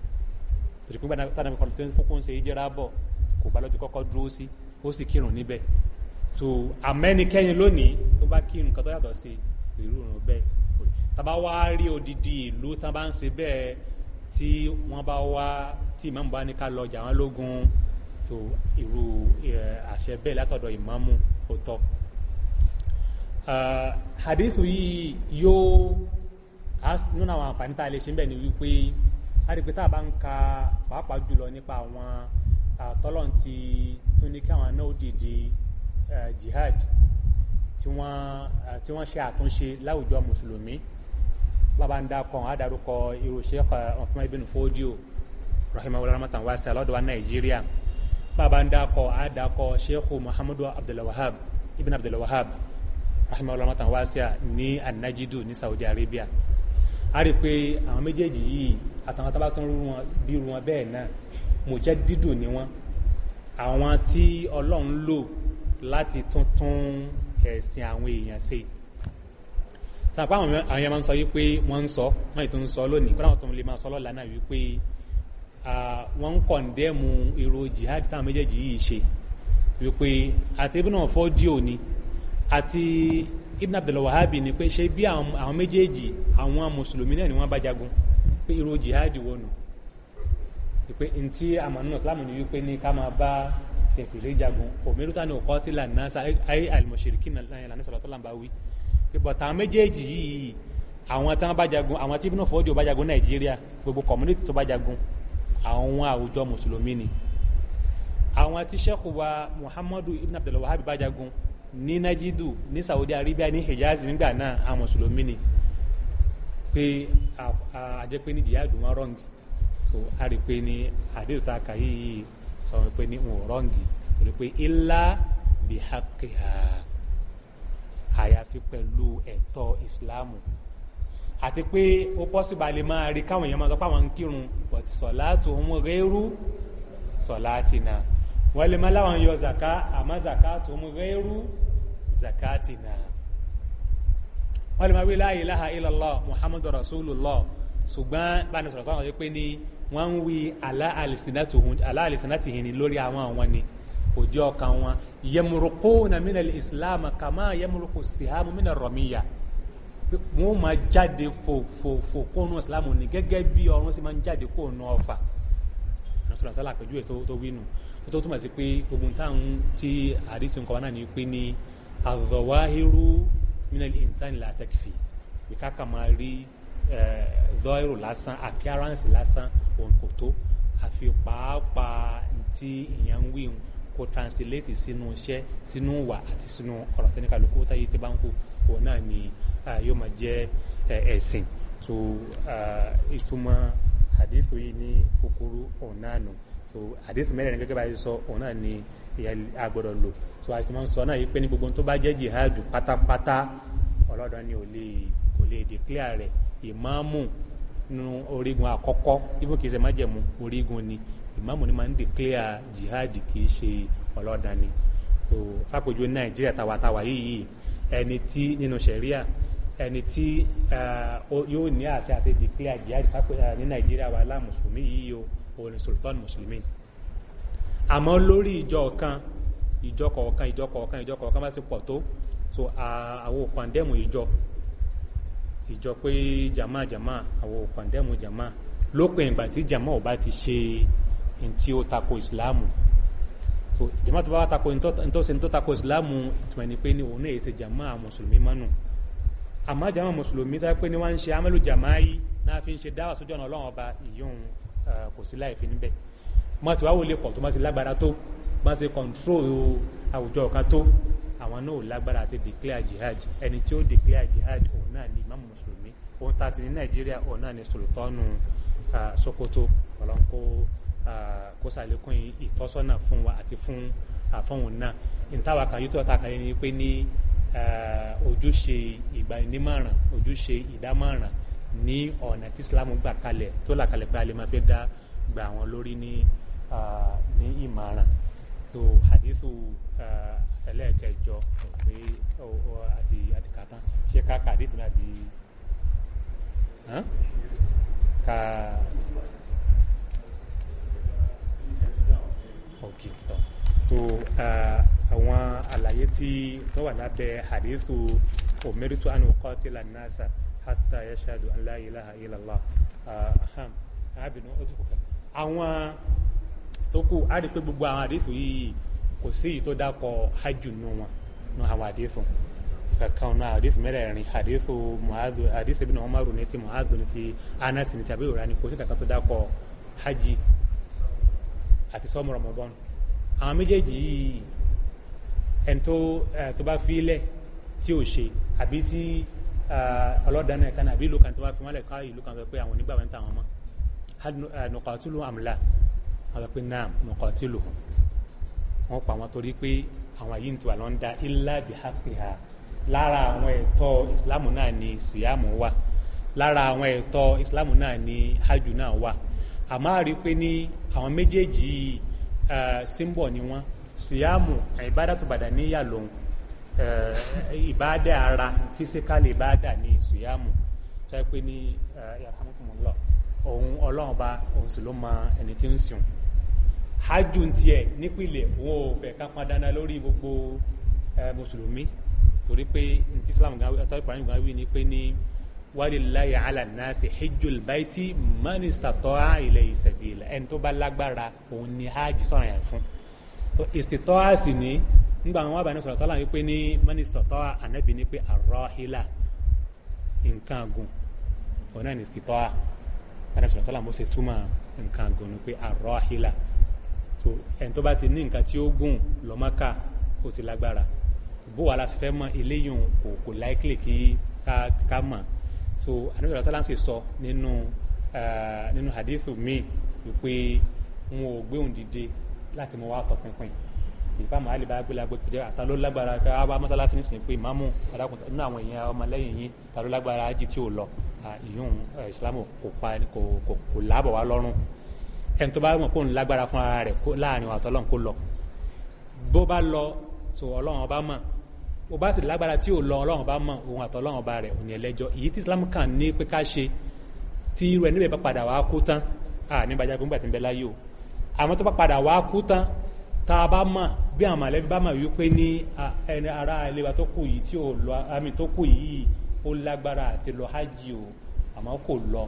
torí pé ìbádàbí kan tó ń kókó ń ṣe ìjẹ́ra bọ̀ kò bá lọ́jọ́ kọ́kọ́ dúró sí ó sì kírun níbẹ̀ so àmẹ́nikẹ́ni lónìí tó bá kírun kan tó yàtọ̀ sí i irú ìran bẹ́ẹ̀ tàbá wá rí odidi ìlú tán bá ń ṣe bẹ́ẹ̀ tí wọ́n bá wá tí ìmáàmù bá ní ká lọ jà wọ́n lógun so irú àṣẹ bẹ́ẹ̀ látọ̀dọ̀ ìmáàmù ó tọ́ hadithu yìí yóò nínú àwọn àǹfààní tá a lè ṣe ń bẹ̀ ni wípé a rí i pé tá a bá ń ka pàápàá jùlọ nípa àwọn àtọ́lọ́ntì tó ní kí àwọn náà ó dìde jihad tí wọ́n tí wọ́n ṣe àtúnṣe láwùjọ mùsùlùmí bàbá ń dákọ̀ á dárúkọ irú Sheikh Uthman ibn Fodio rahimahullah rahmatan wasi'a lọ́dọ̀ wa Nàìjíríà bàbá ń dákọ̀ á dákọ̀ Sheikh Muhammadu Abdul Wahhab ibn rahima Wahhab rahimahullah rahmatan wasi'a ní anajidu ní Saudi Arabia a rí i pé àwọn méjèèjì yìí àtàwọn tábà tó ń rú wọn bí rú wọn bẹ́ẹ̀ náà mujaddidu ni wọn àwọn tí Ọlọ́run lò láti tuntun ẹ̀sìn àwọn èèyàn ṣe sàpá àwọn èèyàn máa ń sọ wípé wọ́n ń sọ wọ́n ètò ń sọ lónìí kọ́nà tó ń lè máa sọ lọ́la náà wípé wọ́n ń kọ̀ǹdẹ́mù èrò jihad táwọn méjèèjì yìí ṣe wípé àti ibùdó náà àti abdul wahabi ni pé ṣé bí àwọn méjèèjì àwọn mùsùlùmí náà ni wọ́n bá jagun pé èrò jihad wọnù ntí àmọ́ ni wípé ní ká pèpèlè jagun òmìnirúta ni òkọ́ tí lànàṣà ayé àlùmọ̀ṣẹ̀rìkì lànà sọ̀rọ̀ tó lànà wí bọ̀tà méjèèjì yìí àwọn tí wọ́n bá jagun àwọn tí Ibn Fodio bá jagun Nàìjíríà gbogbo community tó bá jagun àwọn àwùjọ mùsùlùmí ni àwọn tí sẹ́kù wa Muhammadu Ibn Abdul Wahab bá jagun ní Najidu ní Saudi Arabia ní Hijaz nígbà náà àwọn mùsùlùmí ni pé àjẹpé ní jihadu wọn rọǹgì so a rí pé ní àdéhùn sọ wọn pé ní wọn rọ́ǹgì torí pé ilá bí hakiha àyàfi pẹ̀lú ẹ̀tọ́ ìsìláàmù àti pé ó pọ́sibà lè máa rí káwọn èèyàn máa sọ pé àwọn ń kírun but sọ̀láàtù ń rẹ́rú sọ̀láàtì náà wọ́n lè má láwọn yọ zaka àmọ́ zaka tó ń rẹ́rú zakati náà wọ́n lè má wí la ilaha illallah muhammadu rasulullah ṣùgbọ́n bá a ní sọ̀rọ̀ sáwọn ọ̀sẹ̀ pé ní wọ́n ń wí aláàlìsínátìhìn lórí àwọn àwọn ni òjò ọkàn wọn yẹmùrùkúnà mí nàlẹ islam kàmá yẹmùrùkú sìhámù mí nà rọmíyà wọn máa jáde fòfòfò kóònù islam ni gẹ́gẹ́ bí ọrùn sì máa ń jáde kóònù ọfà nasọlọsọlá àpèjúwe tó wínú tó tó túmọ̀ sí pé ogun táwọn tí àdìsí nǹkan náà ní pé ní àzọwáhírú mí nàlẹ ìnsáni làtẹkìfì ìkákà máa rí zọ́ọ̀rù eh, lásán appearance lásán òun kò tó àfi pàápàá tí èèyàn ń wí òun kò translate sínú iṣẹ́ sínú ìwà àti sínú ọ̀rọ̀ tẹ́nìkàlùkù táyé tí bá ń kú òun náà ni yóò máa jẹ́ ẹ̀sìn so ìtumọ̀ hadith yìí ní kúkúrú òun náà nù so hadith mẹ́rin gẹ́gẹ́ bá yẹ sọ òun náà ni a gbọ́dọ̀ lò so àti máa ń sọ náà yìí pé ní gbogbo tó bá jẹ́ jihad pátápátá ọlọ́dọ̀ ni ò lè ò lè declare rẹ̀ ìmáàmù nínú orígun àkọ́kọ́ even kì í ṣe májẹ̀mú orígun ni ìmáàmù ni máa ń declare jihad kì í ṣe ọlọ́dàn so fàpèjọ nàìjíríà tàwátàwá yìí ẹni tí nínú ṣẹ̀ríà ẹni tí eh, yóò ní àṣẹ àti declare jihad eh, ní nàìjíríà wà lá mùsùlùmí yìí o òun ni sultan mùsùlùmí àmọ́ lórí ìjọ kan ìjọ kọ̀ọ̀kan ìjọ kọ̀ọ̀kan ìjọ kọ̀ọ̀kan bá ṣe pọ̀ tó so àwọn òkàn ìjọ ìjọ pé jama jama àwọn ò kọ̀ndẹ́mù jama lópin ìgbà tí jama ò bá ti ṣe ní tí ó tako ìsìláàmù so jama tó bá wà tako ntọ́sẹ̀ ní tó tako ìsìláàmù ìtumọ̀ ni pé ní òun náà yẹ ṣe jama mùsùlùmí mánu àmọ́ jama mùsùlùmí tá pé ní wọ́n ń ṣe amẹ́lú jama yìí náà fi ń ṣe dáwà sójú ọ̀nà ọlọ́run ọba ìyóhun kò sí láì fi níbẹ̀ má ti wá wọlé pọ̀ tó má ti lágbára tó má ti kọ̀ntrol àwùjọ kan tó àwọn náà lágbára àti declare jihad ẹni tí ó declare jihad òun mùsùlùmí ohun tá a ti ní nàìjíríà òun náà ni sòlùtọ́nù sokoto ọlọ́nkó kó sàlékún ìtọ́sọ́nà fún wa àti fún àfọ̀hún náà ìtawà kan yìí tó ta kan yìí ni pé ní ojúṣe ìgbaninímọ̀ràn ojúṣe ìdámọ̀ràn ní ọ̀nà tí islam gbà kalẹ̀ tó là kalẹ̀ pé a lè máa fẹ́ dá gba àwọn lórí ní ní ìmọ̀ràn so hadithu ẹlẹ́ẹ̀kẹjọ pé àti àti kàtán ṣé ká kà náà bíi. ¿Eh? Ka... ok to so àwọn àlàyé tí tó wà lábẹ́ hadithu omeritu anu qatila nasa hatta yashadu an la ilaha illallah aham abinu otukuka àwọn tó kù á rí i pé gbogbo awon hadithu yi kò sí èyí tó dákọ̀ hajj nu wọn nù àwọn hadithu. kankan náà hadith mẹ́rẹ̀ẹ̀rin hadith muhazu hadith ibn umaru ní ti muhazu ní ti anas ní ti abiy orani kò sí kankan tó dákọ̀ ramadan àwọn méjèèjì yìí ẹni tó tó bá fi ilẹ̀ tí ò ṣe àbí tí ọlọ́dàánú ẹ̀ka náà àbí ìlú kan tó bá fi wọ́n lẹ̀ ká ìlú kan fẹ́ pé àwọn onígbàwé ń ta àwọn mọ́ nùkọ̀tìlù àmìlà wọ́n sọ pé naam nùkọ̀tìlù wọ́n pa wọn torí pé àwọn yìí ń tu àlọ́ ń da ilá bìhá lára àwọn ẹ̀tọ́ ìsìláàmù náà ni síyàmù wà lára àwọn ẹ̀tọ́ ìsìláàmù náà ni hajj náà wà àmọ́ a rí i pé ní àwọn méjèèjì símbọ̀ ni wọ́n síyàmù ìbádàtúbàdà níyà lòun ìbádà ara físíkàlì ìbádà ni síyàmù tó yẹ pé ní ìyàtọ̀mọ́kùnmọ́ òun ọlọ́run ọba òun sì ló mọ ẹni tí ń sìn hajj tiẹ̀ nípìnlẹ̀ òun ò ká pọn dandan lórí gbogbo mùsùlùmí torí pé ti islam gan àtàwọn ìpàdé gan wí ni pé ní walillahi ala nasi hijjul baiti man istata'a ilayhi sabila ẹni tó bá lágbára òun ni hajj sọ̀rọ̀ yẹn fún tó istita'a sì ní nígbà àwọn abàní sọ̀rọ̀ sọ́lá wípé ní man istata'a ànábì ní pé arrahila nǹkan gùn òun náà ní istita'a ànábì sọ̀rọ̀ sọ́lá mo ṣe túmọ̀ nǹkan gùn ní pé arrahila tó ẹni tó bá ti ní nǹkan tí ó gùn lọ́mọ́ká ó ti lágbára bó wa la sì fẹ́ mọ eléyìí kò kò láìkìlì kí ká ká mọ̀ so anabi sallallahu alaihi wasallam sì sọ nínú nínú hadithu mi wípé n ò gbé òun dìde láti mọ wá tọpinpin ìfá màálì bá gbélé agbó jẹ àtà ló lágbára ká wá mọ́sálásí nísìnyí pé mamu adákùn nínú àwọn èèyàn ọmọlẹ́yìn yín ta ló lágbára ájì tí ò lọ ìyún ìsìlámù kò pa kò kò kò lábọ̀ wá lọ́rùn ẹni tó bá mọ̀ kó ń lágbára fún ara rẹ̀ láàrin àtọ́lọ́n kó lọ bó bá lọ so ọlọ́run ọba mọ̀ o bá sì lágbára tí ò lọ ọlọ́run bá mọ̀ òun àtọ́lọ́run bá rẹ̀ òní ẹlẹ́jọ́ èyí tí islam kàn ní pé ká ṣe tí irú ẹ̀ níbẹ̀ bá padà wá kú tán à ní bàjẹ́ gbọ́ngbà tí ń bẹ láyé o àmọ́ tó bá padà wá kú tán tá a bá mọ̀ bí àwọn mọ̀lẹ́bí bá mọ̀ wípé ní ẹni ara ilé tó kù yìí tí ò lọ àmì tó kù yìí ó lágbára àti lọ hajj o àmọ́ kò lọ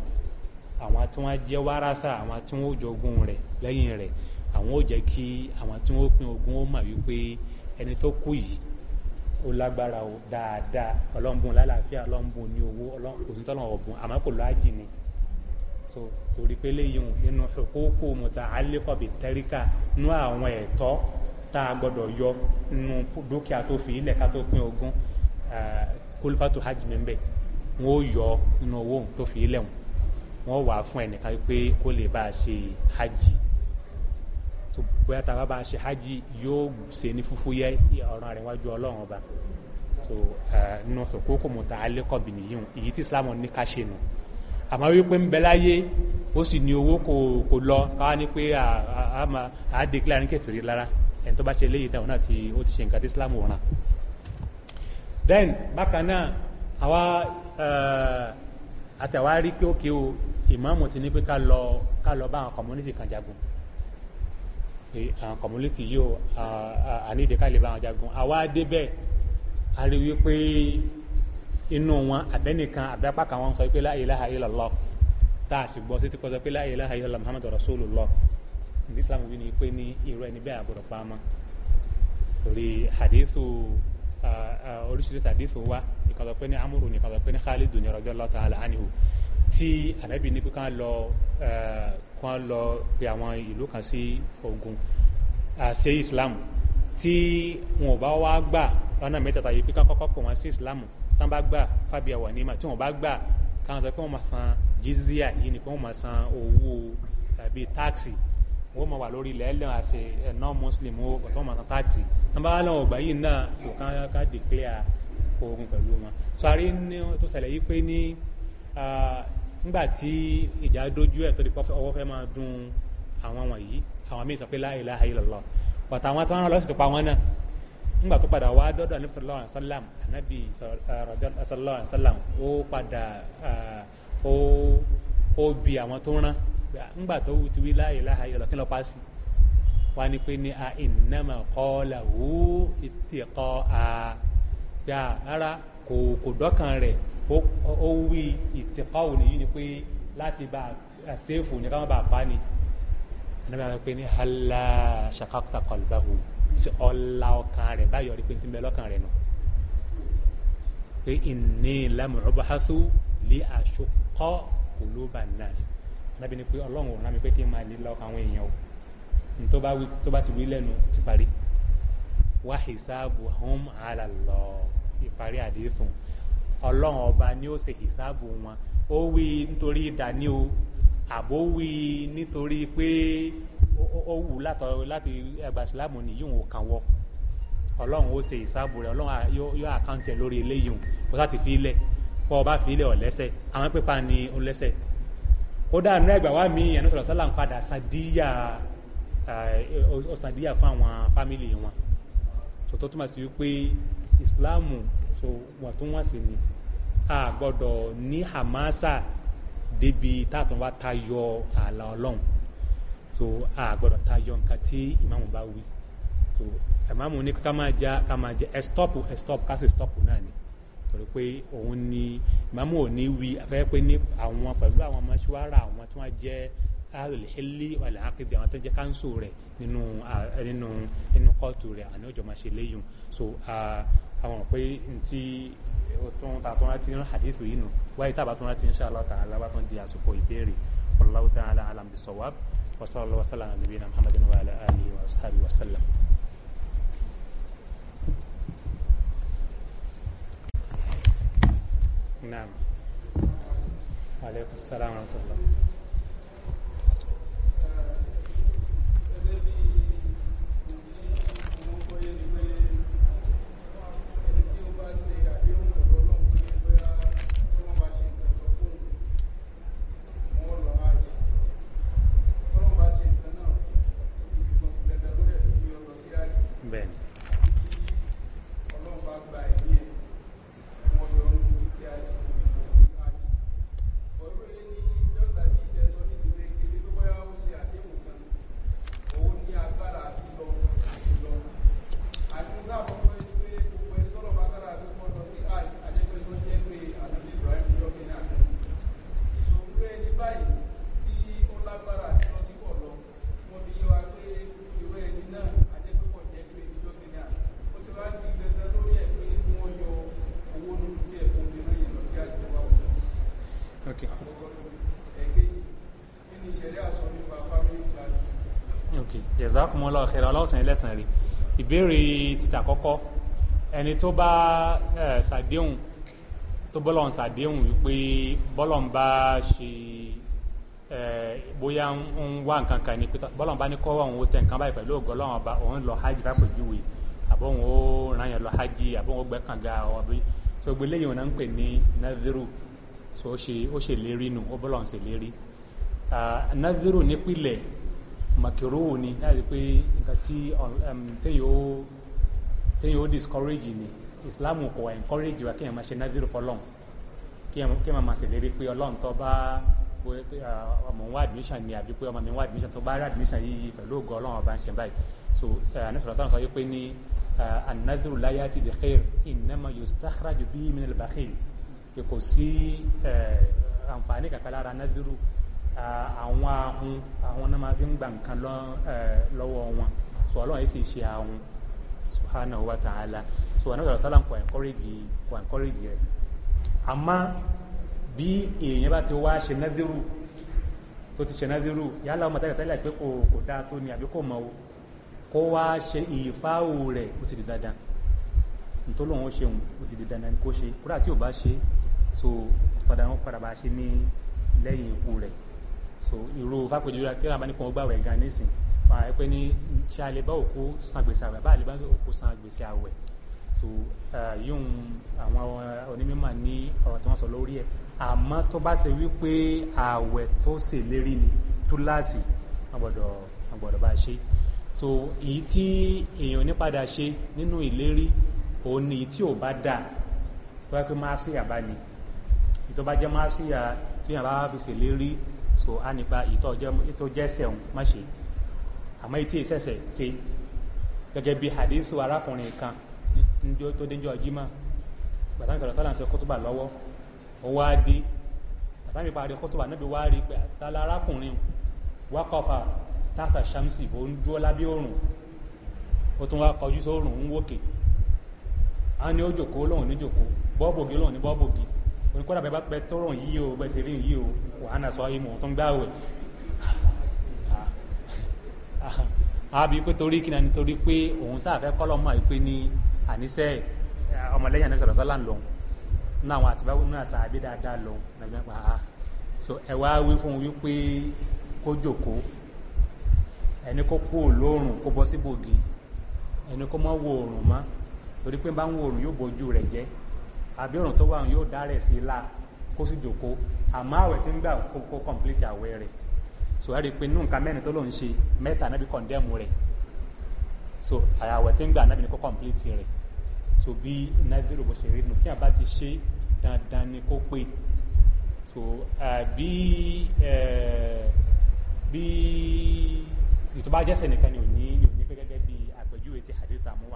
àwọn tí wọ́n jẹ́ wáráṣà àwọn tí wọ́n jogún rẹ̀ lẹ́yìn rẹ̀ àwọn ò jẹ́ kí àwọn tí wọ́n pín ogún ó mọ̀ wípé ẹni tó kù yìí ó lágbára o dáadáa ọlọ́mbùn lálàáfíà ọlọ́mbùn ní owó òsùntọ́lọ́ ọ̀bùn àmọ́ kò lọ ni so torí pé léyìn nínú huququ muta'alliqa bi tarika nú àwọn ẹ̀tọ́ tá a gbọ́dọ̀ yọ nínú dúkìá tó fi ilẹ̀ ká tó pín ogún eh, kulfatu hajj mẹ́mbẹ́ wọn ó yọ nínú owó tó fi ilẹ̀ wọn wọ́n wà á fún ẹnìkan pé kó lè bá a ṣe hajj so bóyá tá a bá bá a ṣe hajj yóò ṣe ní fúfúyẹ́ ọ̀ràn rẹ̀ wájú ọlọ́run ọba so nínú hukuku mutaalliqa bi nìyíhun èyí tí islam ní ká ṣe nù àmọ́ wípé ń bẹ láyé ó sì ní owó kò lọ káwá ní pé àá declare ní kèfèrí lára ẹni tó bá ṣe léyìí dáhùn náà tí ó ti ṣe nǹkan tí islam ràn then bákan náà àwa àtàwárí pé ó kí o ìmáàmù ti ní pé ká lọ ká lọ bá àwọn community kan jagun pé àwọn community yìí ó àníìdíkà lè bá wọn jagun àwa débẹ̀ a rí wípé inú wọn abẹ́nìkan abẹ́pá kan wọn sọ pé la ilaha illallah tá a sì gbọ́ sí ti kọ́ sọ pé la ilaha illallah muhammadu rasulullah ní islam wí ni pé ní irú ẹni bẹ́ẹ̀ àgbọ̀dọ̀ pa á mọ́ torí hadithu oríṣiríṣi hadithu wa ìkan sọ pé ní amúrù nìkan sọ pé ní khalidu ní radiyallahu ta'ala anhu tí ànábì ní pé ká lọ kan lọ pe àwọn ìlú kan sí ogun àṣẹ islam tí wọn ò bá wá gbà lọ́nà mẹ́tẹ̀ẹ̀ta yìí pé ká kọ́kọ́ pè wọ́n sí islam tán bá gbà fábíà wà ní ìmọ̀ tí wọn bá gbà káwọn sọ pé wọn máa san jizia yìí ni pé wọn máa san owó tàbí táàkì wọn máa wà lórí ilẹ̀ ẹlẹ́wọ̀n àṣẹ non muslim ó kò tó wọn máa san táàkì tán bá lọ́wọ́ ọgbà yìí náà kò kán ká declare ogun pẹ̀lú wọn. sọ àrí tó ṣẹlẹ̀ yìí pé ní ah, nígbà tí ìjà dojú ẹ̀ tó di pọ́fẹ́ ọwọ́ fẹ́ máa dun àwọn wọ̀nyí àwọn míì sọ pé la ilaha illallah bàtà àwọn tó ń rán lọ́sì tó pa wọn náà nígbà tó padà wá dọ́dọ̀ anabi sallallahu alayhi wa sallam anabi sallallahu wa sallam ó padà ó bi àwọn tó rán nígbà tó ti wí la ilaha illallah kí ló pa sí wá ní pé ní a innama qalahu ittiqa'a yà rárá kò kò dọ́kan rẹ̀ ó wí ìtẹ̀kọ́wò nìyí ni pé láti bá a ṣéèfù ní káwọn bá a pa ni ẹnìmọ̀ àwọn pé ní hàlá ṣàkàkùtà kọlùbáhù sí ọ̀la ọkàn rẹ̀ báyọ̀ rí pé ti bẹ lọ́kàn rẹ̀ nù pé ìní lámùrọ̀báhásù lé àṣokọ́ kòlóbà nas nàbí ni pé ọlọ́run ò rán mi pé kí n máa lílọ àwọn èèyàn o tó bá ti wí lẹ́nu ti parí wáhìsáàbù hum àlàlọ́ọ̀ ìparí àdéhùn ọlọ́run ọba ni ó se ìsáàbò wọn ó wí nítorí dání o àbó wí nítorí pé ó wù láti ẹgbà sílámù nìyí ka kàn wọ ọlọ́run ó se ìsáàbò rẹ ọlọ́run yóò àkáǹtẹ̀ lórí eléyìí òun láti fi ilẹ̀ kó ọba fi ilẹ̀ ọ̀lẹ́sẹ̀ àwọn pípa ni ó lẹ́sẹ̀ ẹgbà wa mi ẹnu sọ̀rọ̀ sálà ń padà sadíyà ọ̀sàdíyà ìsìláàmù so wọ̀ntúnwọ̀nsì ni a gbọ́dọ̀ ní hamasa débi tààtàn wa tayọ ààlà ọlọ́run so a gbọ́dọ̀ tayọ nǹkan tí ìmáàmù bá wí so ìmáàmù ní ká máa já ká máa jẹ ẹ stọpù ẹ stọpù ká sì stọpù náà ni torí pé òun ni ìmáàmù ò ní wí afẹ́fẹ́ pé ní àwọn pẹ̀lú àwọn ọmọ ṣúwárà àwọn tí wọ́n jẹ́ alihili wàlẹ̀ akéde àwọn tẹ́jẹ́ káńsù rẹ̀ nínú nínú nínú kóòtù rẹ̀ àná ìjọba ṣe léyìn so àwọn pé ntí tún tàtún láti rán hadith yìí nù wáyé tàbá tún láti insha Allah ta'ala bá tún di àsìkò ìbéèrè wallahu ta'ala alam bis-sawab wa sallallahu wa sallam ala nabiyina muhammadin wa ala alihi wa sahbihi wa naam aleykum salaam wa rahmatullah. Thank Bene. jazakumullahu khairan ọlọ́wọ́ sàn lẹ́sàn rẹ̀ ìbéèrè títà kọ́kọ́ ẹni tó bá ṣàdéhùn tó bọ́lọ̀ ń ṣàdéhùn wípé bọ́lọ̀ ń bá ṣe bóyá ń wá nǹkan kan ni pé bọ́lọ̀ ń bá ní kọ́ òun ó tẹ nǹkan báyìí pẹ̀lú ògo Ọlọ́run ọba òun lọ hajj bá pèjúwe àbọ̀ òun ó ràn yàn lọ hajj àbọ̀ òun ó gbẹ́ kànga ọ̀ so gbélé yìí wọn ń pè ní naviru so ó ṣe ó ṣe lérí nù ó bọ́lọ̀ ń ṣe lérí naviru nípìnlẹ̀ makiro ni láti pé nǹkan tí um, um, téèyàn ó discourage ni islam kò wá encourage wa kéèyàn máa ṣe nádìrú fọlọ́n kéèyàn máa ṣèlérí pé ọlọ́run tó bá ọmọ wa admission ni àbí pé ọmọ mi wa admission tó bá rí admission yìí pẹ̀lú ògo ọlọ́run ọba ń ṣe báyìí so anasọ̀rọ̀ sọ̀rọ̀ sọ wípé ní anadru layati bi khair innama yustakhraju bihi min al-bakhil kò sí àǹfààní kankan lára anadru àwọn ahun àwọn náà máa fi ń gbà nǹkan lọ́wọ́ wọn so ọlọ́run yìí sì ṣe ahun subhanahu wa ta'ala so anabi sallam kò encourage kò encourage rẹ̀ àmọ́ bí èèyàn bá ti wá ṣe nẹ́dírù tó ti ṣe nẹ́dírù yálà ọmọ tẹ́lẹ̀ tẹ́lẹ̀ pé kò kò dáa tó ni àbí kò mọ̀ o kó wá ṣe ìfáwò rẹ̀ ó ti di dandan nítorí òun ó ṣe òun ó ti di dandan kó ṣe kúrò àti ò bá ṣe so padà wọn padà bá ṣe ní lẹ́yìn ikú rẹ̀ so irú fàpèjú tí wọn bá ní kó wọn gbàwẹ̀ gan nísìn wàá ẹ pé ní ṣe a lè bá òkú san gbèsè àwẹ̀ bá a bá òkú san gbèsè àwẹ̀ so yóò àwọn onímọ̀ ní ọ̀rọ̀ tí wọ́n sọ lórí ẹ̀ àmọ́ tó bá ṣe wípé àwẹ̀ tó ṣèlérí ni túláàsì wọn wọn gbọ́dọ̀ bá a ṣe so èyí tí èèyàn ní padà ṣe nínú ìlérí òun ni èyí tí ò bá dáa tó bá pé máa ṣìyà bá ni èyí tó bá máa ṣìyà tó yàn bá fi ṣèlérí so a nípa ìtọ́jọ́ tó jẹ́ sẹ́wọ̀n má ṣe àmọ́ etí ìṣẹ̀ṣẹ̀ ṣe gẹ́gẹ́ bí hadithu arákùnrin kan tó dénjọ́ jimá bàtàmì sọ̀rọ̀ sálà ń kotuba kótóbà lọ́wọ́ ó wá dé bàtàmì parí kótóbà níbi wá rí pé àtàlà arákùnrin wákọ̀fà tààtà shamsi ó ń dúró lábẹ́ òrùn ó tún wá kọjú sórùn ń wòkè á ní ó jòkó lóhùn ní jòkó bọ́ọ̀bù ògì lóhùn torí kọ́dà bẹ́ẹ̀ bá bẹ́ẹ̀ tọrọ yìí o bẹ́ẹ̀ ṣe rí yìí o wàhánà sọ ayé mò ń tún gbá wẹ̀ àbí pé torí kí ni torí pé òun sáfẹ́ kọ́lọ́ mọ̀ pé ní àníṣe ọmọlẹ́yìn àníṣe ọ̀rọ̀ sọ́lá ń lọ nínú àwọn àtibáwò nínú àṣà àbí dáadáa lọ nàìjíríà pa á so ẹ wá wí fún un wípé kó jókòó ẹni kó kú òlóòrùn kó bọ́ sí bògì ẹni kó mọ́ wo òòrùn mọ́ torí pé bá ń wo òòrùn yóò bójú rẹ̀ jẹ́ àbí ọ̀ràn tó wà yóò dárẹ̀ sí i la kó sì jòkó àmọ́ àwẹ̀ tí ń gbà kó complete àwẹ̀ rẹ̀ so ẹ rí i pé inú nǹkan mẹ́rin tó ló ṣe mẹ́ta náà condemn rẹ̀ so àwẹ̀ tí ń gbà náà bí ní kó complete rẹ̀ so bí nàìjíríà bó ṣe rí nu tí a ti ṣe dandan ni kó pé so àbí bí ìtọ́bájẹ́sẹ̀ nìkan ni ò ní ni ò ní pé gẹ́gẹ́ bí àpèjúwe ti hadith àmú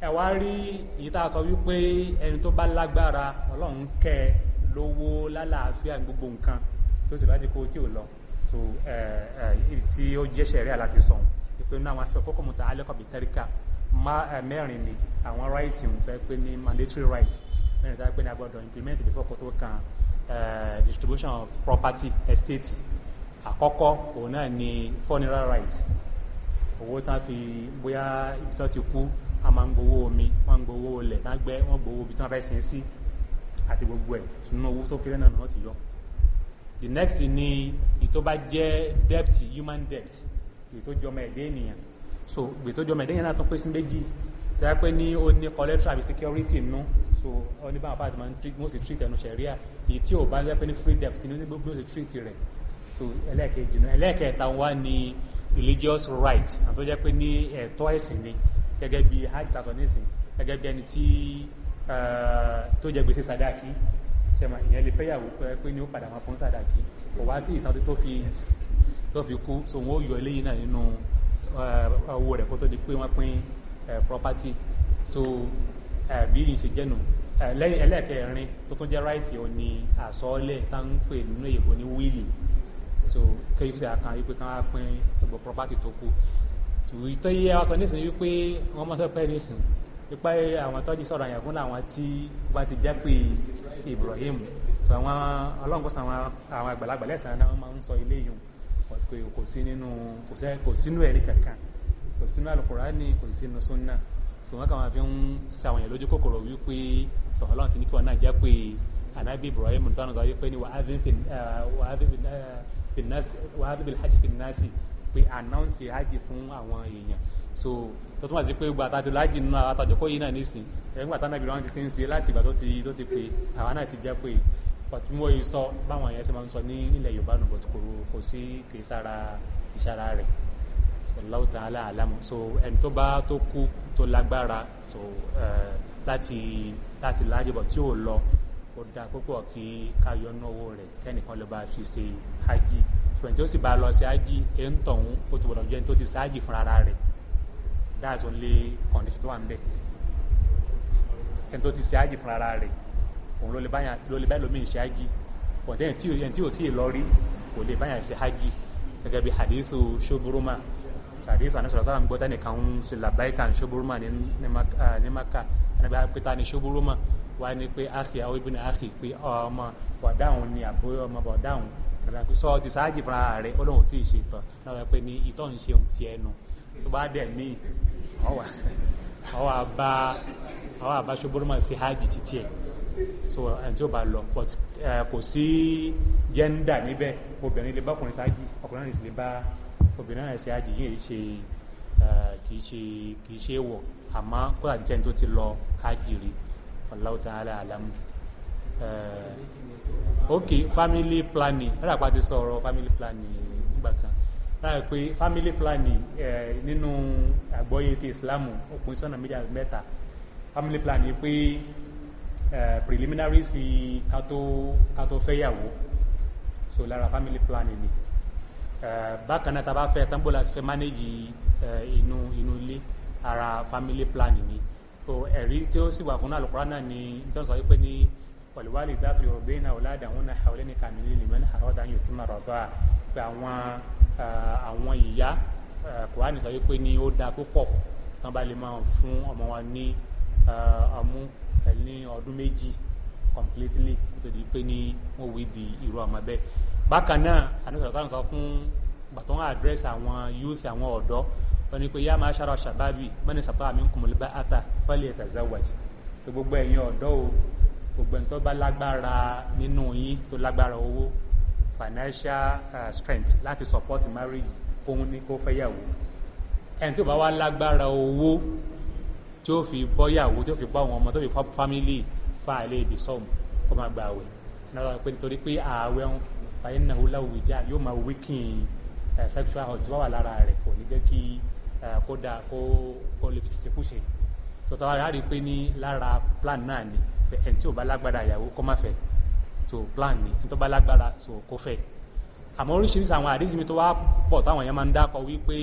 ẹ wá rí èyí tá a sọ wípé ẹni tó bá lágbára ọlọ́run kẹ́ ẹ lówó lálàáfíà gbogbo nǹkan tó sì bá di kó tí ò lọ so tí ó jẹ́ sẹ̀ríà láti sọ wípé nínú àwọn afẹ́ kókò mọ̀tà alẹ́kọ̀ọ́ bíi tẹ́ríkà mẹ́rin ni àwọn right ń fẹ́ pé ní mandatory right mẹ́rin tá a pé ní agbọ́dọ̀ implement before kó tó kan distribution of property estate àkọ́kọ́ òun náà ni funeral right owó tán fi bóyá ibi tán ti kú a máa ń gbowó omi wọ́n ń gbowó ilẹ̀ tán gbẹ́ wọ́n gbowó ibi tí wọ́n fẹ́ sin sí àti gbogbo ẹ̀ sínú owó tó fi rẹ́ náà náà ti yọ the next ni ìtó bá jẹ́ debt human debt ìtó jọmọ ẹ̀dẹ́ ènìyàn so ìtó jọmọ ẹ̀dẹ́ ènìyàn náà tún pé sí méjì tẹ́ pé ní ó ní collateral àbí security nù so ó ní báwọn fáwọn ti máa ń sì treat ẹnu sẹ̀ríà èyí tí ò bá jẹ́ pé ní free debt ní gbogbo ó sì treat rẹ̀ so ẹlẹ́ẹ̀kejì nù ẹlẹ́ẹ̀kẹta wa ni religious right àti tó jẹ́ pé ní ẹ̀tọ́ ẹ̀sìn ni gẹ́gẹ́ bí hajj tàṣọ nísìn gẹ́gẹ́ bí ẹni tí tó jẹ gbèsè sadaki ṣẹ̀mà ìyẹn lè fẹ́yàwó pé ní ó padà máa fún sadaki kò wá tí ìsan tó fi tó fi kú so wọn ó yọ eléyìí náà nínú owó rẹ̀ kó tó di pé wọ́n pín property so bí yìí ṣe jẹ́nu lẹ́yìn ẹlẹ́ẹ̀kẹrin tó tún jẹ́ right ò ní àsọ́ọ́lẹ̀ tá ń pè nínú èyí ní wíìlì so kéyìí fi ṣe àkàn yìí pé kí wọ́n á pín gbogbo property tó kù ìtọ́ yẹ àwọn sọ nísìnyí wípé wọ́n mọ́ sọ pé ní ipa àwọn tọ́jú sọ̀rọ̀ àyàn fún làwọn tí wọ́n ti jẹ́ pé Ibrahim sọ àwọn ọlọ́nkọ́ sọ àwọn àgbàlagbà lẹ́sàn-án náà wọ́n máa ń sọ ilé yìí kò sí nínú kò sínú ẹ̀rí kankan kò sínú Al-Kùránì kò sínú súnà sọ wọn kàn máa fi ń sàwọn èèyàn lójú kòkòrò wípé tọ̀họ́lọ́n ti ní kí wọn náà jẹ́ pé anabi Ibrahim sanu sọ wípé ni wàá fi nasi pé announce hajj fún àwọn èèyàn so tó túmọ̀ sí pé gbàtà tó láàjì nínú àtàjọpọ̀ yìí náà nísìn ẹgbẹ́ àtàwọn ẹgbẹ́ wọn ti ti ń ṣe láti ìgbà tó ti tó ti pè àwa náà ti jẹ́ pé pàtí mo yìí sọ báwọn èèyàn ṣe máa ń sọ ní ilẹ̀ Yorùbá nù bọ̀ kò kò sí kì í sára ìṣara rẹ̀ Allahu ta'ala so ẹni tó bá tó kú tó lágbára so láti láti láàjì bọ̀ tí ò lọ ó dáa púpọ̀ kí ká yọ náwó rẹ̀ kẹ́nìkan ló fi ṣe hajj sọ̀rọ̀ tí ó sì bá lọ sí ájì ẹ̀ ń tọ̀hún ó ti gbọ́dọ̀ jẹ́ tó ti sáájì fúnra ara rẹ̀ that's only condition tó wà níbẹ̀ ẹ̀ tó ti sáájì fúnra ara rẹ̀ òun ló lè báyà ló lè báyà lómi ṣe ájì but ẹ̀ tí ẹ̀ tí ò tí ì lọ rí kò lè báyà ṣe ájì gẹ́gẹ́ bí hadithu ṣoburuma hadithu anasọ̀rọ̀ sábà ń gbọ́ tánìkan ń ṣe làbáyìkà ṣoburuma ní maka ẹnìgbà pété ní ṣoburuma wá ní pé áhì àwọn ibi ní áhì pé ọmọ bọ̀dáhùn ni àbúrò ọmọ bọ̀dáhùn sọ ti sáájì fúnra rẹ ó lóun tí ì ṣe tán náà pé ní ìtọ́ ń ṣe ohun ti ẹnu tó bá dẹ̀ míì ọwọ́ àbá ọwọ́ àbá ṣogbórúmọ̀ sí hajj títí ẹ̀ so ẹni tí ó bá lọ but kò sí gender níbẹ̀ obìnrin lè bá ọkùnrin sáájì ọkùnrin náà sì lè bá obìnrin náà sí hajj yìí ṣe kìí ṣe kìí ṣe wọ̀ àmọ́ kó àti jẹ́ni tó ti lọ hajj rí Allahu ta'ala ok family planning rárá pa ti sọ̀rọ̀ family planning nígbà kan rárá pé family planning nínú àgbọ́yé ti Islam ó pín sọ́nà méjì àti mẹ́ta family planning pé preliminary si ká tó fẹ́yàwó so lára family planning ni bákan náà tá a bá fẹ́ tán bó manage inú inú ilé ara family planning ni so ẹ̀rí tí ó sì wà fún al náà ni tí wọ́n sọ wípé ní. والوالدات يربين أولادهن حولين كاملين لمن أراد أن يتم الرضاعة pé àwọn àwọn ìyá kùránì sọ wípé ní ó dáa púpọ̀ tán bá lè máa fún ọmọ wọn ní ọmú ní ọdún méjì completely nítorí pé ní wọ́n wí di irú ọmọ bẹ́ẹ̀ bákan náà àníṣòro sáà ń sọ fún gbàtọ́ wọn address àwọn youth àwọn ọ̀dọ́ wọn ni pé yá máa ṣàrọ̀ ṣàbábì mẹ́ni sàtọ́ àmì ń kùmọ̀lẹ́ bá àtà fẹ́lẹ̀ gbogbo ẹni tó bá lágbára nínú yín tó lágbára owó financial uh, strength láti support marriage kóhun ní kó fẹ́yàwó ẹni tó bá wá lágbára owó tí ó fi bọ́yàwó tí ó fi bọ́ àwọn ọmọ tó fi family fa àlẹ́ ibi sọ́ọ̀mù kó máa gba àwẹ̀ náà pé nítorí pé ààwẹ̀ ń báyìí náà ó láwùjọ ìjà yóò máa weaken uh, sexual health tó wà lára rẹ̀ kò ní jẹ́ kí uh, kó dáa kó lè fi tètè kú ṣe tọ́tọ́ ara rí i pé ní lára plan náà ni ẹni tí ò bá lágbára ìyàwó kọ́ má fẹ́ so plan ni ẹni tó bá lágbára so kó fẹ́ àmọ́ oríṣiríṣi àwọn àdéjìmí tó wá pọ̀ táwọn èèyàn máa ń dákọ̀ wípé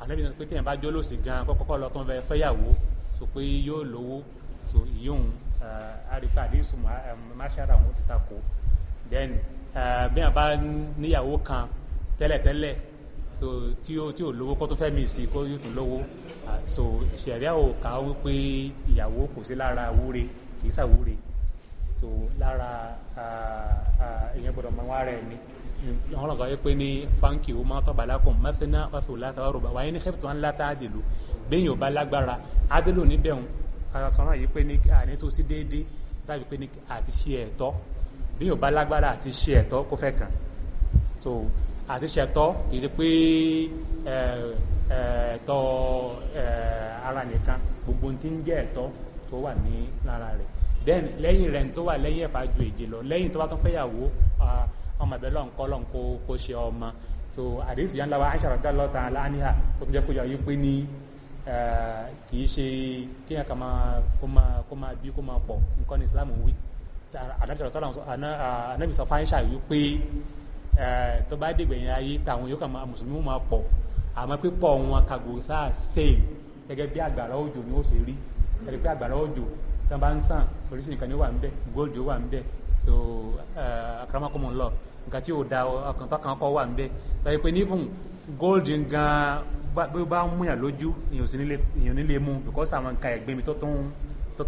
ànábì náà pé téèyàn bá jó lòsì gan kọ́kọ́ lọ tó ń fẹ́ fẹ́yàwó so pé yóò lówó so ìyóhun àríkà eh, àdéhùn máṣára eh, àwọn ti takò then eh, bí wọn bá níyàwó kan tẹ́lẹ̀tẹ́lẹ̀ so tí ó tí ó lówó kó tó fẹ́ mi sí kó yóò tún lówó so ṣẹ̀ríà ò ká wípé ìyàwó kò sí lára wúre kì í ṣàwúre so lára èèyàn gbọ́dọ̀ máa wá rẹ̀ ni wọn lọ sọ pé ní fáńkì ó máa tọ́ba lákùn mẹ́fínà wàṣọ láta wà rọ̀bà wáyé ní kẹ́fìtì wọn láta àdèlú bẹ́yìn ò bá lágbára àdèlú níbẹ̀ ń sọ̀rọ̀ yìí pé ní àní tó sí déédéé tàbí pé ní àti ṣe ẹ̀tọ́ bẹ́yìn ò bá lágbára àti ṣe ẹ̀tọ́ kó fẹ́ kàn so àti ṣẹ̀tọ́ kì í ṣe pé ẹ̀tọ́ ara nìkan gbogbo tí ń jẹ́ ẹ̀tọ́ tó wà ní lára rẹ̀ then lẹ́yìn rẹ̀ tó wà lẹ́yìn ẹ̀fà ju èjì lọ lẹ́yìn tó bá tún fẹ́yàwó ọmọ ẹ̀bẹ̀ lọ́n kọ́ lọ́n kó kó ṣe ọmọ so àdéhùn yẹn lára Aisha rẹ̀ dálọ́ ta láníhà ó tún jẹ́ kó yà yí pé ní kì í ṣe kéèyàn kan máa kó máa kó máa bí kó máa pọ̀ nǹkan ní Islam wí àdéhùn sọ̀rọ̀ sọ̀rọ̀ Eh, tó bá dìgbẹ̀yìn ayé tàwọn yóò kà máa mùsùlùmí máa pọ̀ àmọ́ pípọ̀ wọn kàgò sáà sèlè gẹ́gẹ́ bí àgbàrá òjò ni ó ṣe rí gẹ́gẹ́ bí àgbàrá òjò tí wọ́n bá ń sàn oríṣi nǹkan ni ó wà níbẹ̀ góòlù wà níbẹ̀ so akaramakomo eh, lọ nǹkan tí ò da ọkàn tọkàn kọ wà níbẹ̀ tàbí pé nífun góòlù gan bí ó bá ń múyàn lójú èèyàn nílé mu because àwọn nǹkan ẹ̀gbin mi tó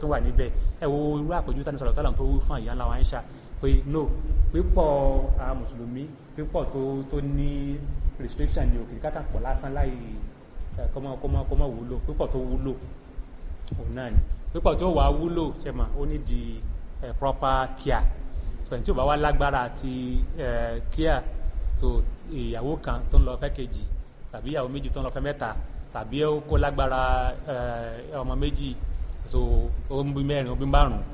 tún wà níbẹ̀ ẹ wo irú àpèjú tani sọ̀rọ̀ sálàm tó wú fún àyà ńlá wa ń ṣá pé no pípọ̀ àwọn mùsùlùmí pípọ̀ tó tó ní restriction ni òkè kákan pọ̀ lásán láì kọ́mọ kọ́mọ kọ́mọ wúlò pípọ̀ tó wúlò òun náà ni pípọ̀ tó wàá wúlò ṣe mà ó ní di proper care pẹ̀lú tí ò bá wá lágbára àti care tó ìyàwó kan tó ń lọ fẹ́ kejì tàbí ìyàwó méjì tó ń lọ fẹ́ mẹ́ta tàbí ó kó lágbára ọmọ méjì so ó ń bí mẹ́rin ó bí márùn-ún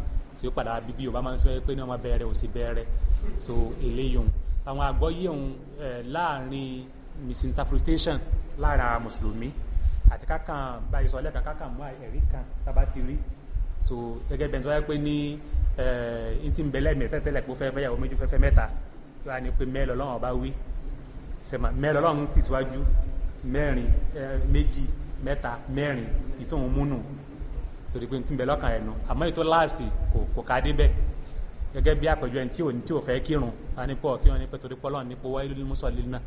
tí ó padà bíbí Yorùbá máa ń sọ pé ní ọmọ bẹ̀rẹ̀ ò sí bẹ̀rẹ̀ so eléyìí òun àwọn àgbọ́yé òun láàrin misinterpretation lára mùsùlùmí àti kákan báyìí sọ lẹ́ẹ̀kan kákan mú ẹ̀rí kan tábà ti rí so gẹ́gẹ́ bẹ́ẹ̀ tó wáyé pé ní n ti ń bẹ lẹ́mìí tẹ́tẹ́lẹ̀ pé ó fẹ́ fẹ́yàwó méjì fẹ́fẹ́ mẹ́ta tó wá ní pé mẹ́lọ lọ́wọ́n bá wí sẹ́mà mẹ́lọ ti síwájú mẹ́rin méjì mẹ́ta mẹ́rin ìtòhún múnú torí pé n tún bẹ lọ́kàn rẹ̀ nu àmọ́ ètò láàsì kò kò ká dé bẹ́ẹ̀ gẹ́gẹ́ bí àpẹjọ ẹni tí ò tí ò fẹ́ kírun a ní pọ̀ kírun ní pẹ̀tọ́rí pọ́lọ́ ní pọ̀ wáyé lùmùsọ̀lì náà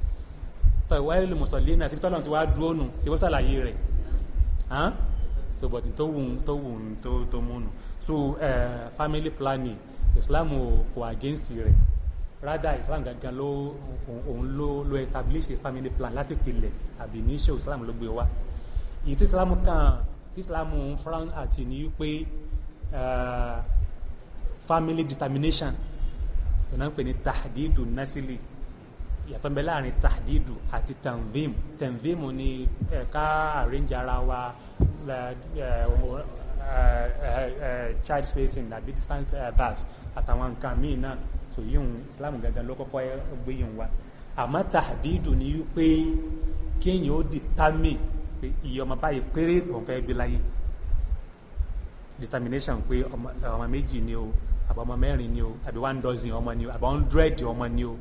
tọ́ ìwáyé lùmùsọ̀lì náà síbi tọ́lọ́run ti wá dúró nù ṣe ó ṣàlàyé rẹ̀ hàn so tó wù tó wù tó tó mú nù family planning Islam kò against rẹ̀ rather Islam gangan ló òun ló ló establish family plan láti pilẹ̀ àbí ní Islam ló gbé wa èyí Islam kan islam ń frown àti ní wípé eh, family determination ìná ń pè ní tahdidu nasili ìyàtọ̀ ń bẹ láàrin tahdidu àti tanvim tanvim ni eh, ká arrange ara wa eh, child spacing àbí distance birth àtàwọn nǹkan míì náà tó yíyún islam gangan ló kọ́kọ́ gbé yíyún wa àmọ́ tahdidu ni wípé kéèyàn ó determine pé iye ọmọ báyìí péré òun fẹ́ gbé láyé determination pé ọmọ méjì ni o àbí ọmọ mẹ́rin ni o àbí one dozen ọmọ ni o àbí hundred ọmọ ni o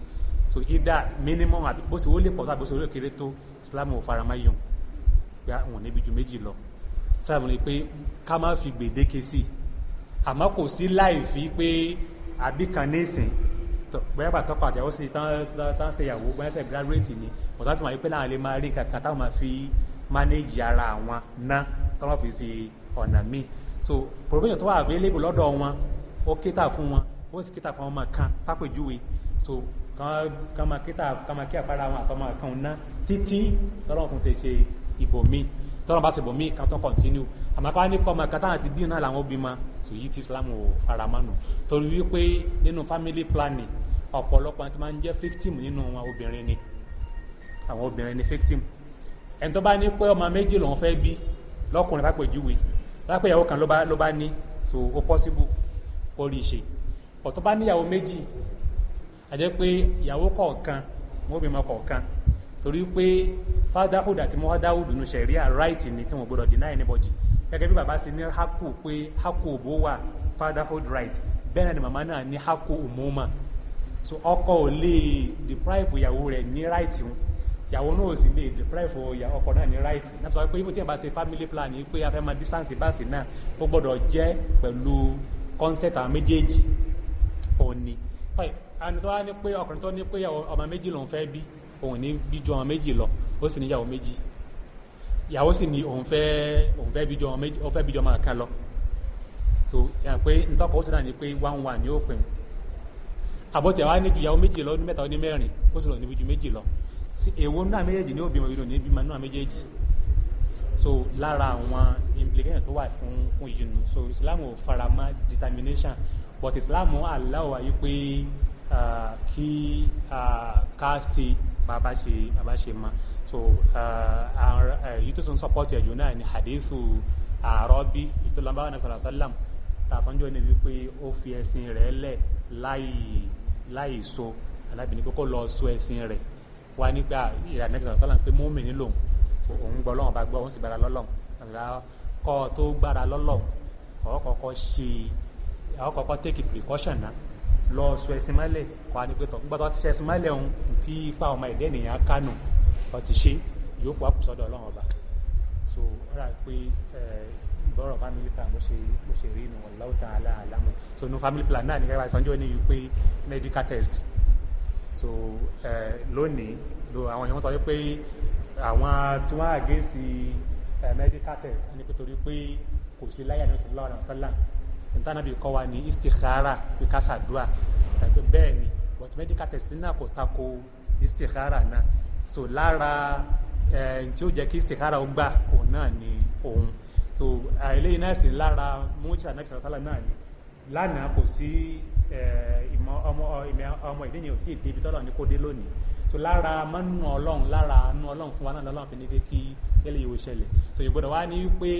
so either minimum àbí bó ṣe ó lè pọ̀ tó àbí bó ṣe ó lè kéré tó Islam ò fara máa yùn pé àwọn níbi ju méjì lọ sábà ní pé ká má fi gbèdéke sí àmọ́ kò sí láì fi pé àbí kan nísìn bóyá bàtọ́ pàtẹ́ ó sì tán tán ṣe ìyàwó bóyá ṣe graduate ni bọ̀dá ti máa lè máa rí kankan táwọn máa fi manage ara àwọn ná tọ́wọ́ fi ṣe ọ̀nà míì so provision tó wà available lọ́dọ̀ wọn ó kíta fún wọn ó sì kíta fún ọmọ kan tápèjúwe so kàn máa kíta kàn máa kí àfárá wọn àtọmọ kan ná títí tọ́lọ́ tún ṣe ṣe ìbò míì tọ́lọ́ bá ṣe ìbò míì kan tó continue àmọ́ káwá nípa ọmọ kan táwọn ti bí náà làwọn bí ma so yìí ti Islam ò fara mọ́ nù torí wípé nínú family planning ọ̀pọ̀lọpọ̀ àti máa ń jẹ́ victim nínú wọn obìnrin ni àwọn obìnrin ni victim ẹni tó bá ní pé ọmọ méjì lòun fẹ́ bí lọ́kùnrin bá pèjúwe lápẹ́ ìyàwó kan ló bá ló bá ní so ó possible ó rí i ṣe ọ̀tọ́ bá níyàwó méjì àjẹ́ pé ìyàwó kọ̀ọ̀kan mọ́bìnrin kọ̀ọ̀kan torí pé fádáhùd àti mọ́dáhùd nù ṣẹ̀ríà right ni tí wọ́n gbọ́dọ̀ deny anybody gẹ́gẹ́ bí bàbá ṣe ní haku pé haku òbó wà fatherhood right bẹ́ẹ̀ náà ni màmá náà ní haku òmùmá so ọkọ ò lè deprive ìyàwó rẹ̀ ní right wọn ìyàwó náà ò sì lè deprive ọkọ náà ní right náà sọ pé ibo tí yẹn bá ṣe family plan yìí pé afẹ́ máa distance báàsì náà ó gbọ́dọ̀ jẹ́ pẹ̀lú concept àwọn méjèèjì òní. àni tó wá ní pé ọkùnrin tó ní pé ọmọ méjì lòun fẹ́ bí òun ní bí ju ọmọ méjì lọ ó sì ní ìyàwó méjì ìyàwó sì ní òun fẹ́ òun fẹ́ bí ju ọmọ méjì òun fẹ́ bí ju ọmọ kan lọ. so yàrá pé ntọ́kọ̀ ó ti náà ní pé one one ni ó pin àbọ̀tẹ̀ wa ní ju ìyàwó méjì lọ ọdún mẹ́ta ọdún mẹ́rin ó sì lọ ní ju méjì lọ èwo náà méjèèjì ní òbí ìròyìn ní bímọ náà méjèèjì so lára àwọn implication tó wà fún fún ìyínú so Islam ò fara mọ́ determination but Islam aláwọ̀ ayé pé kí ká ṣe bàbá ṣe bàbá ṣe mọ́ so èyí tó tún support ẹ̀jọ̀ náà ni hadithu àrọ́bí ìtọ́lábáwá náà sọ̀rọ̀ sálàm tàfọ́njọ́ ni wípé ó fi ẹ̀sìn rẹ̀ lẹ̀ láì láì so alábìnrin pé lọ so ẹ̀sìn rẹ̀ wá nígbà ìrànlẹ́bí sọ̀rọ̀ sọ́lá pé mọ́mì nílò òun gbọ́ lọ́wọ́ bá gbọ́ òun sì gbára lọ́lọ́hùn kọ́ ọ tó gbára lọ́lọ́hùn ọ̀rọ̀ kọ́kọ́ ṣe ọ̀rọ̀ kọ́kọ́ take precaution náà lọ sọ ẹsìn mọ́lẹ̀ kọ́ ni pé tọ́ gbọ́dọ̀ ti ṣe ẹsìn mọ́lẹ̀ òun ti ipa ọmọ ẹ̀dẹ́ ènìyàn kánò ọ ti ṣe yóò pọ̀ àpùsọ́dọ̀ ọlọ́run ọba so ó rà pé ìbọ̀rọ̀ family plan bó ṣe bó ṣe rí inú wọn aláàlámù so inú family plan náà ní kẹ́kẹ́ bá sanjó ní pé medical test so lónìí àwọn èèyàn sọ pé àwọn tí wọ́n against medical test ní pé torí pé kò sí láyà ní sallallahu alaihi wasallam ntànàbí kọ́ wa ní istikhara pé ká ṣàdúrà pé bẹ́ẹ̀ ni but medical test náà kò tako istikhara náà so lára tí ó jẹ́ kí istikhara ó gbà òun náà ni òun so eléyìí náà sì lára mú ìṣànà ìṣàlọ́sálà náà ni lánàá kò sí Eh, ìmọ̀ ọmọ ọmọ ìdíyẹn ò tí ì débi tọ́lọ̀ ní kó dé lónìí so lára mọ́nú ọlọ́run lára nú ọlọ́run fún wa náà lọ́lọ́run fi ní pé kí kẹ́lẹ́ yìí ó ṣẹlẹ̀ so yóò gbọ́dọ̀ wá ní wípé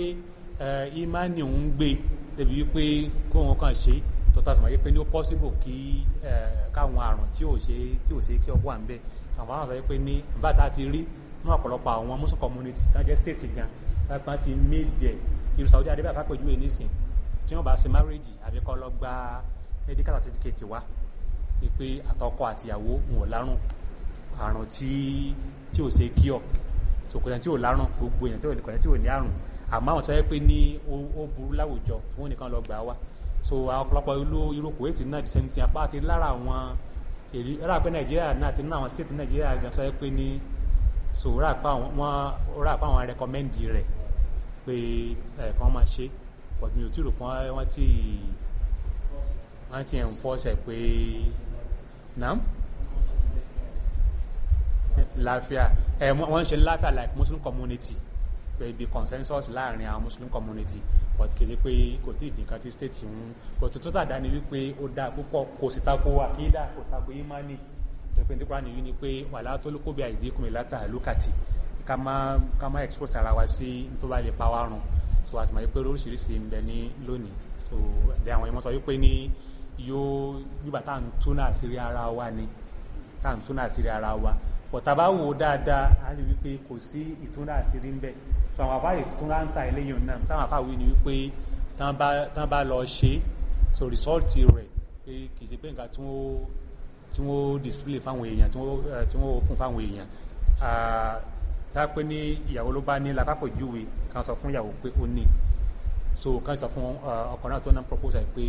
eh, ìmánì òun gbé débi wípé kó wọn kàn ṣe tó tà sọ̀mọ́ pé ní ó possible kí eh, káwọn àrùn tí ò ṣe tí ò ṣe kí ọgbọ́n à ń bẹ̀ àwọn àwọn sọ pé ní bá ta ti rí ní ọ̀pọ̀lọpọ̀ àwọn muslim community tá jẹ́ state gan lápá ti méjì irú Saudi Arabia ẹ̀ nísìn tí wọ́n bá ṣe marriage àbíkọ́ lọ medical certificate wa pé àtọkọ àtìyàwó wọn ò lárùn àrùn tí tí ò ṣe kí ọ tó kò yẹn tí ò lárùn gbogbo yẹn tí ò kò yẹn tí ò ní àrùn àmọ́ àwọn tó yẹ pé ní ó burú láwùjọ wọn nìkan lọ gbà wá so àwọn ọ̀pọ̀lọpọ̀ ìlú irú kuwait náà di sẹ́ni tí apá àti lára àwọn èrí rà pé nàìjíríà náà àti nínú àwọn state nàìjíríà gan tó yẹ pé ní so rà pa wọn rà pa àwọn rẹkọmẹ́ndì rẹ̀ pé ẹ̀kan máa ṣe pọ̀ mi rò pọ́n wọ́n ti wọ́n ti enforce pé nam láfíà ẹ wọ́n ṣe láfíà like muslim community pé ibi consensus láàrin àwọn muslim community but kì í ṣe pé kò tí ì dín kan tí state ń kò tó tó tàdání wípé ó dáa púpọ̀ kò sì tako àkídà kò tako imani pé ní kúránì yìí ni pé wàhálà tó ló kó bí àìdínkù mi látà lókàtì ká má ká má expose ara wa sí tó bá lè pa wá run so àtìmọ̀ yìí pé lóríṣiríṣi ń bẹ ní lónìí so àwọn ìmọ̀tọ́ yìí pé ní yóò nígbà tá à ń túnà àṣírí ara wa ni tá à ń túnà àṣírí ara wa pọ̀tà bá wò ó dáadáa á rí wípé kò sí ìtúnà àṣírí ń tó àwọn afáàrí tó ń ránṣà eléyìí náà táwọn afáàrí ni wípé tán bá lọ ṣe so rìsọ́ọ̀tì rẹ̀ pé kì í ṣe pé nǹkan tí wọ́n tí wọ́n display fáwọn èèyàn tí wọ́n eh, open fáwọn èèyàn ah, tá ní ìyàwó ló bá ní lápapọ̀ júwe kan sọ fún ìyàwó pé ó ní so ká sọ fún uh, ọkùnrin náà tó náà propose pé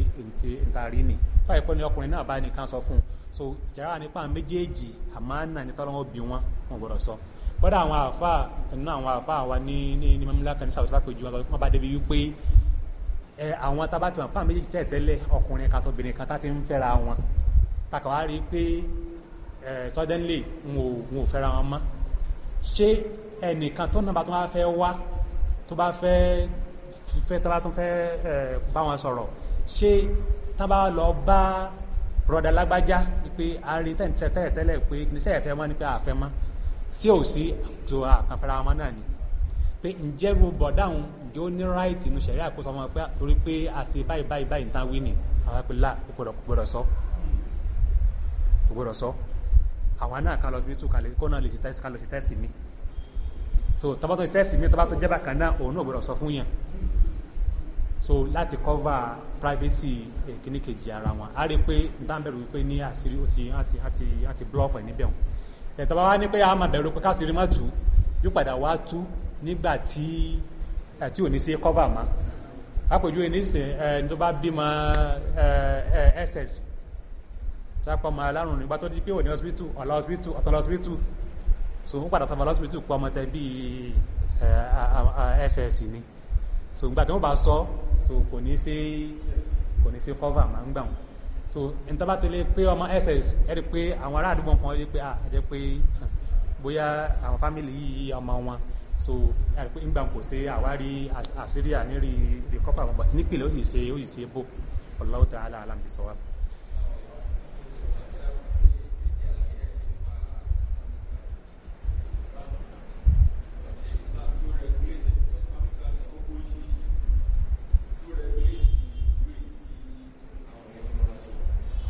ntaari ni báyìí pé ní ọkùnrin náà bá ní ká sọ fún so ìjàrá nípa méjèèjì àmánà ní tọ́lọ́wọ́ bí wọn wọn gbọ́dọ̀ sọ kódà àwọn àáfàá nínú àwọn àáfàá wa ní ní ní mamlaka ní sàwùjọ pàpẹ ju wọn bá débi wípé ẹ àwọn tabatìmọ̀ pàmò méjèèjì tẹ̀ tẹ́lẹ̀ ọkùnrin kan tó obìnrin kan tá ti ń fẹ́ra wọn takà wá rí i pé ẹ suddenly n ò n ò fẹ́ra wọn mọ́ ṣé ẹnìkan tó nàbà tó bá fẹ́ wá tó bá fẹ́ fẹ́ tá bá tún fẹ́ bá wọn sọ̀rọ̀ ṣé tá bá lọ bá broda lágbájá pé ari tẹ́lẹ̀ tẹ́lẹ̀ pé kìnìṣẹ́ ẹ̀fẹ́ mọ́ ni pé àfẹ́ mọ́ sí òsì tó àkànfẹ́ra ọmọ náà ni pé ǹjẹ́ ru bọ̀dá òun ǹjẹ́ ó ní ráìtì inú sẹ̀rí àkóso ọmọ pé torí pé a ṣe báyìí báyìí báyìí ń tán wí ni àwọn pé là kò gbọdọ̀ sọ kò gbọdọ̀ sọ àwọn náà kan lọ sí tù kan lè kó náà lè ṣe tẹ́sì kan lè ṣe tẹ́sì mi tó tọ́bátọ́ ṣe tẹ́sì mi tọ́bátọ́ jẹ́ bákan náà òun náà gbọdọ̀ sọ fún yàn so láti cover privacy eh, kìíní kejì ara wọn a rí i pé n tá n bẹ̀rù wípé ní àṣírí ó ti àti àti àti block ẹ̀ níbẹ̀ wọn tẹ̀tọ́ bá wá ní pé a máa bẹ̀rù pé káṣírí má tú yóò padà wá tú nígbà ma àpèjúwe nísìn ẹni tó bá bímọ ss ọmọ alárùn nígbà tó di pé òní hospital ọ̀la hospital hospital so ń padà hospital pọ̀ ọmọ tẹ ni so ìgbà sọ so kò ní sí kò ní sí cover máa ń gbà wọn so ntaba ti lè pé ọmọ ss ẹ rí i pé àwọn ará àdúgbò fún ọ yé pé ah ẹ jẹ pé bóyá àwọn fámìlì yìí ọmọ wọn so ẹ rí i pé ngbà kò sí àwárí àṣírí àníri recover wọn but nípìnlẹ̀ ó sì ṣe ó sì ṣe bò Allahu ta'ala alam bisawab.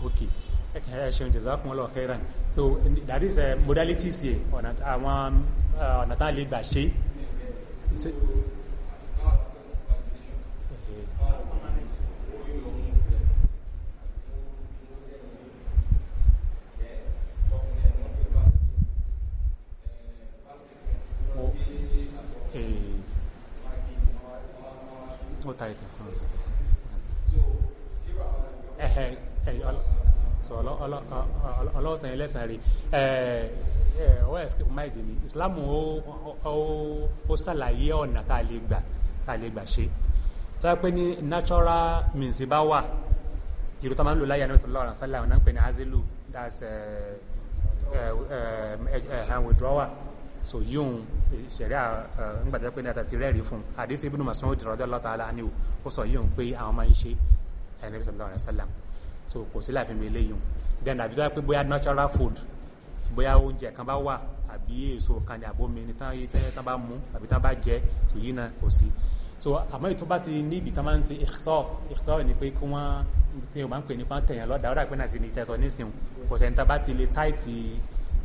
okay ẹ ṣeun jazakumullahu khairan so that is uh, modalities yẹ ọ̀nà àwọn eh, ọ̀nà tá a lè gbà ṣe. ó ìtàn. Eh so ọlọ́sàn ẹlẹ́sàn rí ọwọ́ escape mind ni Islam ó ṣàlàyé ọ̀nà tá a lè gbà tá a lè gbà ṣe tó yẹ pé ní natural means bá wà ìlú tó máa ń lò láyé anábìsọ̀ lọ́wọ́ àṣálà ọ̀nà ń pè ní azilu that's hand withdrawal so yíyún ìṣẹ̀rí ńgbàdá pé ní àtàtì rẹ́ẹ̀rí fún hadith Ibn Mas'ud radiyallahu ta'ala anhu ó sọ yíyún pé àwọn máa ń ṣe anábìsọ̀ lọ́wọ́ àṣálà so kò sí láàfin bẹ́ẹ̀ léyìn then àbí sọ pé bóyá natural food bóyá oúnjẹ kan bá wà àbí èso kan ní àbómi ní tán tẹ́lẹ̀ tán bá mú àbí tán bá jẹ èyí náà kò sí so àmọ́ ìtọ́ bá ti níbi tán máa ń ṣe ìṣọ́ ìṣọ́ ni pé kí wọ́n tí o máa ń pè ní pọ́n tẹ̀yàn lọ́dà ọ̀dà pé náà sì ní ìtẹ̀sọ̀ nísìnyìí kò sẹ́ni tá bá ti lè táìtì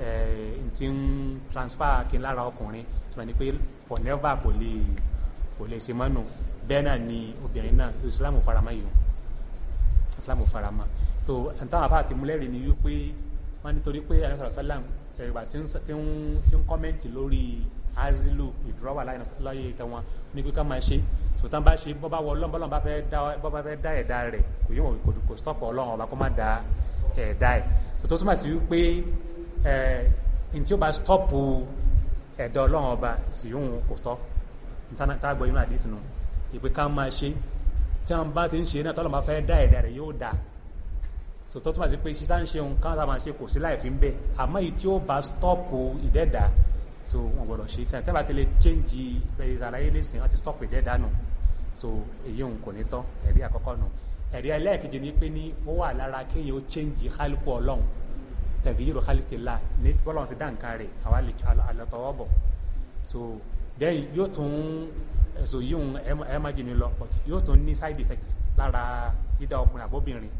ẹ̀ ti ń transfer kí n lára ọkùnrin tí wọ́n ní pé for never kò lè kò lè ṣe mọ́nu bẹ́ẹ̀ náà ni obìnrin náà Islam faramọ́ islam ò fara mọ́ so àtàwọn àbá àti múlẹ́rìí ni wípé wọ́n nítorí pé alẹ́sọ̀rọ̀ sálàm ẹ̀rìbà tí ń kọ́mẹ́ǹtì lórí azilu withdrawal láyé tẹ̀wọ̀n ní pé ká máa ṣe so tán bá ṣe bọ́ bá wọ ọlọ́run bọ́lọ́run bá fẹ́ dá ẹ̀dá rẹ̀ kò yí wọn kò stop ọlọ́run ọba kó má da ẹ̀dá ẹ̀ so tó túmọ̀ sí wípé ẹ̀ ntí ó bá stop ẹ̀dá ọlọ́run ọba sì yóò kò stop ntánàtàgbọ̀ yìí náà àdìsínú ìpè ká máa ṣe tí wọn bá ti ń ṣe náà tọ́lọ́mọ fẹ́ dá ẹ̀dá rẹ̀ yóò dá sòtọ́ tó máa ṣe pé ṣíṣá ń ṣeun káwọn sábà ń ṣe kò sí láì fi ń bẹ àmọ́ èyí tí ó bá stọ́ọ̀pù ìdẹ́dà so wọn gbọ́dọ̀ ṣe sẹ́yìn tẹ́lá tẹ́lẹ̀ chẹ́ǹjì ìsàlàyé nísìnyí wọ́n ti stọ́ọ̀pù ìdẹ́dà nù so èyí òun kò ní tán ẹ̀rí àkọ́kọ́ nù ẹ̀rí ẹlẹ́ẹ̀kejì ni pé ní ó wà lára kéèyàn ó chẹ́ǹjì kálukú ọlọ́run tẹ̀bí yìí ló kálukú la ní bọ́lọ́run ẹ̀sùn yíyún ẹ má jìnnì lọ but yóò tún ní side effect lára dídá ọkùnrin àbóbìnrin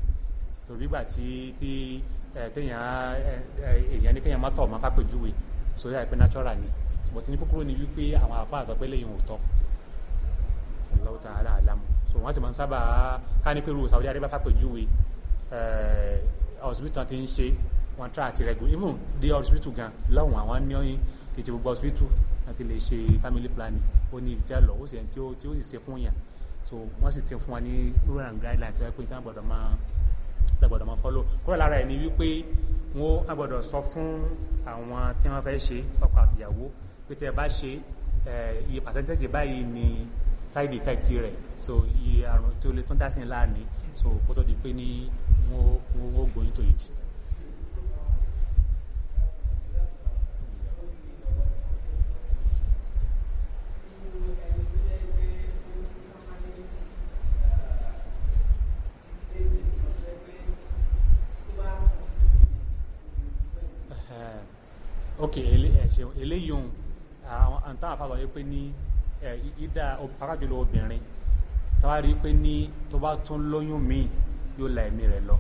torí gbà tí tí téèyàn èèyàn ní kéèyàn má tọ̀ má fàpèjúwe sórí àìpé natural ni but ní kúkúrú ni wípé àwọn àfáà sọ pé lẹ́yìn òótọ́ Allahu ta'ala alam so wọ́n sì máa ń sábà ká ní pé ru Saudi Arabia fàpèjúwe hospital ti ń ṣe wọ́n tra àti rẹ́gùn even the hospital gan lọ́hùn àwọn ní ọyìn kìtì gbogbo hospital láti lè ṣe family planning ó ní ibi tí a lọ ó sì ẹni tí ó sì ṣe fún yàn so wọ́n sì ti fún wa ní rural and guidelines wáyé pé kí wọ́n gbọ́dọ̀ máa gbọ́dọ̀ máa follow kúrò lára ẹ̀ ni wípé wọ́n gbọ́dọ̀ sọ fún àwọn tí wọ́n fẹ́ ṣe ọkọ àtìyàwó pé tẹ́ ẹ bá ṣe iye percentage báyìí ni side effect rẹ̀ so iye àrùn tó lè tún dá sí ńlá ni so kó tó di pé ní wọ́n gbóyún tó yìí tì. ok ẹ̀ṣẹ̀un eléyìí ohun àwọn àǹtá àfàlọ́ yìí pé ní ìdá parájùlọ obìnrin tàwa rí pé ní tó bá tún lóyún míì yóò la ẹ̀mí rẹ̀ lọ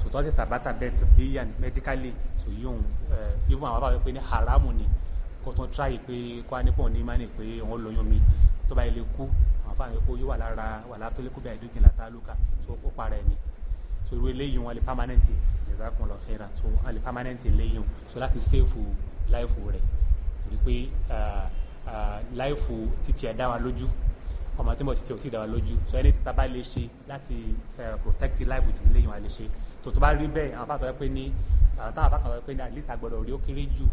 sòtọ́ sí tàbátà bẹ́ẹ̀ tó bí yà mẹ́díkálì sòyí ohun ìfún àwọn àfàlọ́ yìí pé ní haramu ni. So, kó tún tíráyì pé kó á nípò ní mánì pé òun lóyún mi tó bá ilé kú àwọn afáàní pé yóò wà lára wà látó lé kó bí àìdógin látà lóka tó kó para ẹni so irú eléyìí wọn lè permanent jẹ̀sákun lọ fẹ́ra so wọn lè permanent eléyìí so láti sèfù láìfù rẹ̀ torí pé láìfù títí ẹ̀ dá wa lójú ọmọ tí mo ti tẹ ò tí dá wa lójú so ẹni tí taba lè ṣe láti protect life ti léyìn wa lè ṣe tó tó bá rí bẹ́ẹ̀ àwọn afáàtọ̀ pé ní àwọn táwọn afáàtọ̀ pé ní at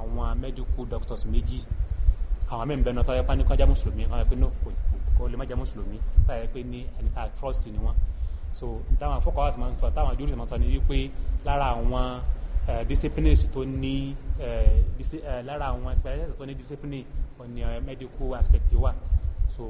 àwọn medical doctors méjì àwọn mẹ́rin bẹ́ẹ̀ náà tọ́jú pé ní kọ́ mùsùlùmí wọ́n yẹ pé náà kò lè má jẹ́ mùsùlùmí wọ́n yẹ pé ní ẹni tá a trust ni wọ́n so táwọn afọ́kọ̀wá sì máa ń sọ táwọn àjòrò sì máa ń sọ ni wípé lára àwọn disciplines tó ní lára àwọn specialists tó ní discipline ọ̀ medical aspect wà so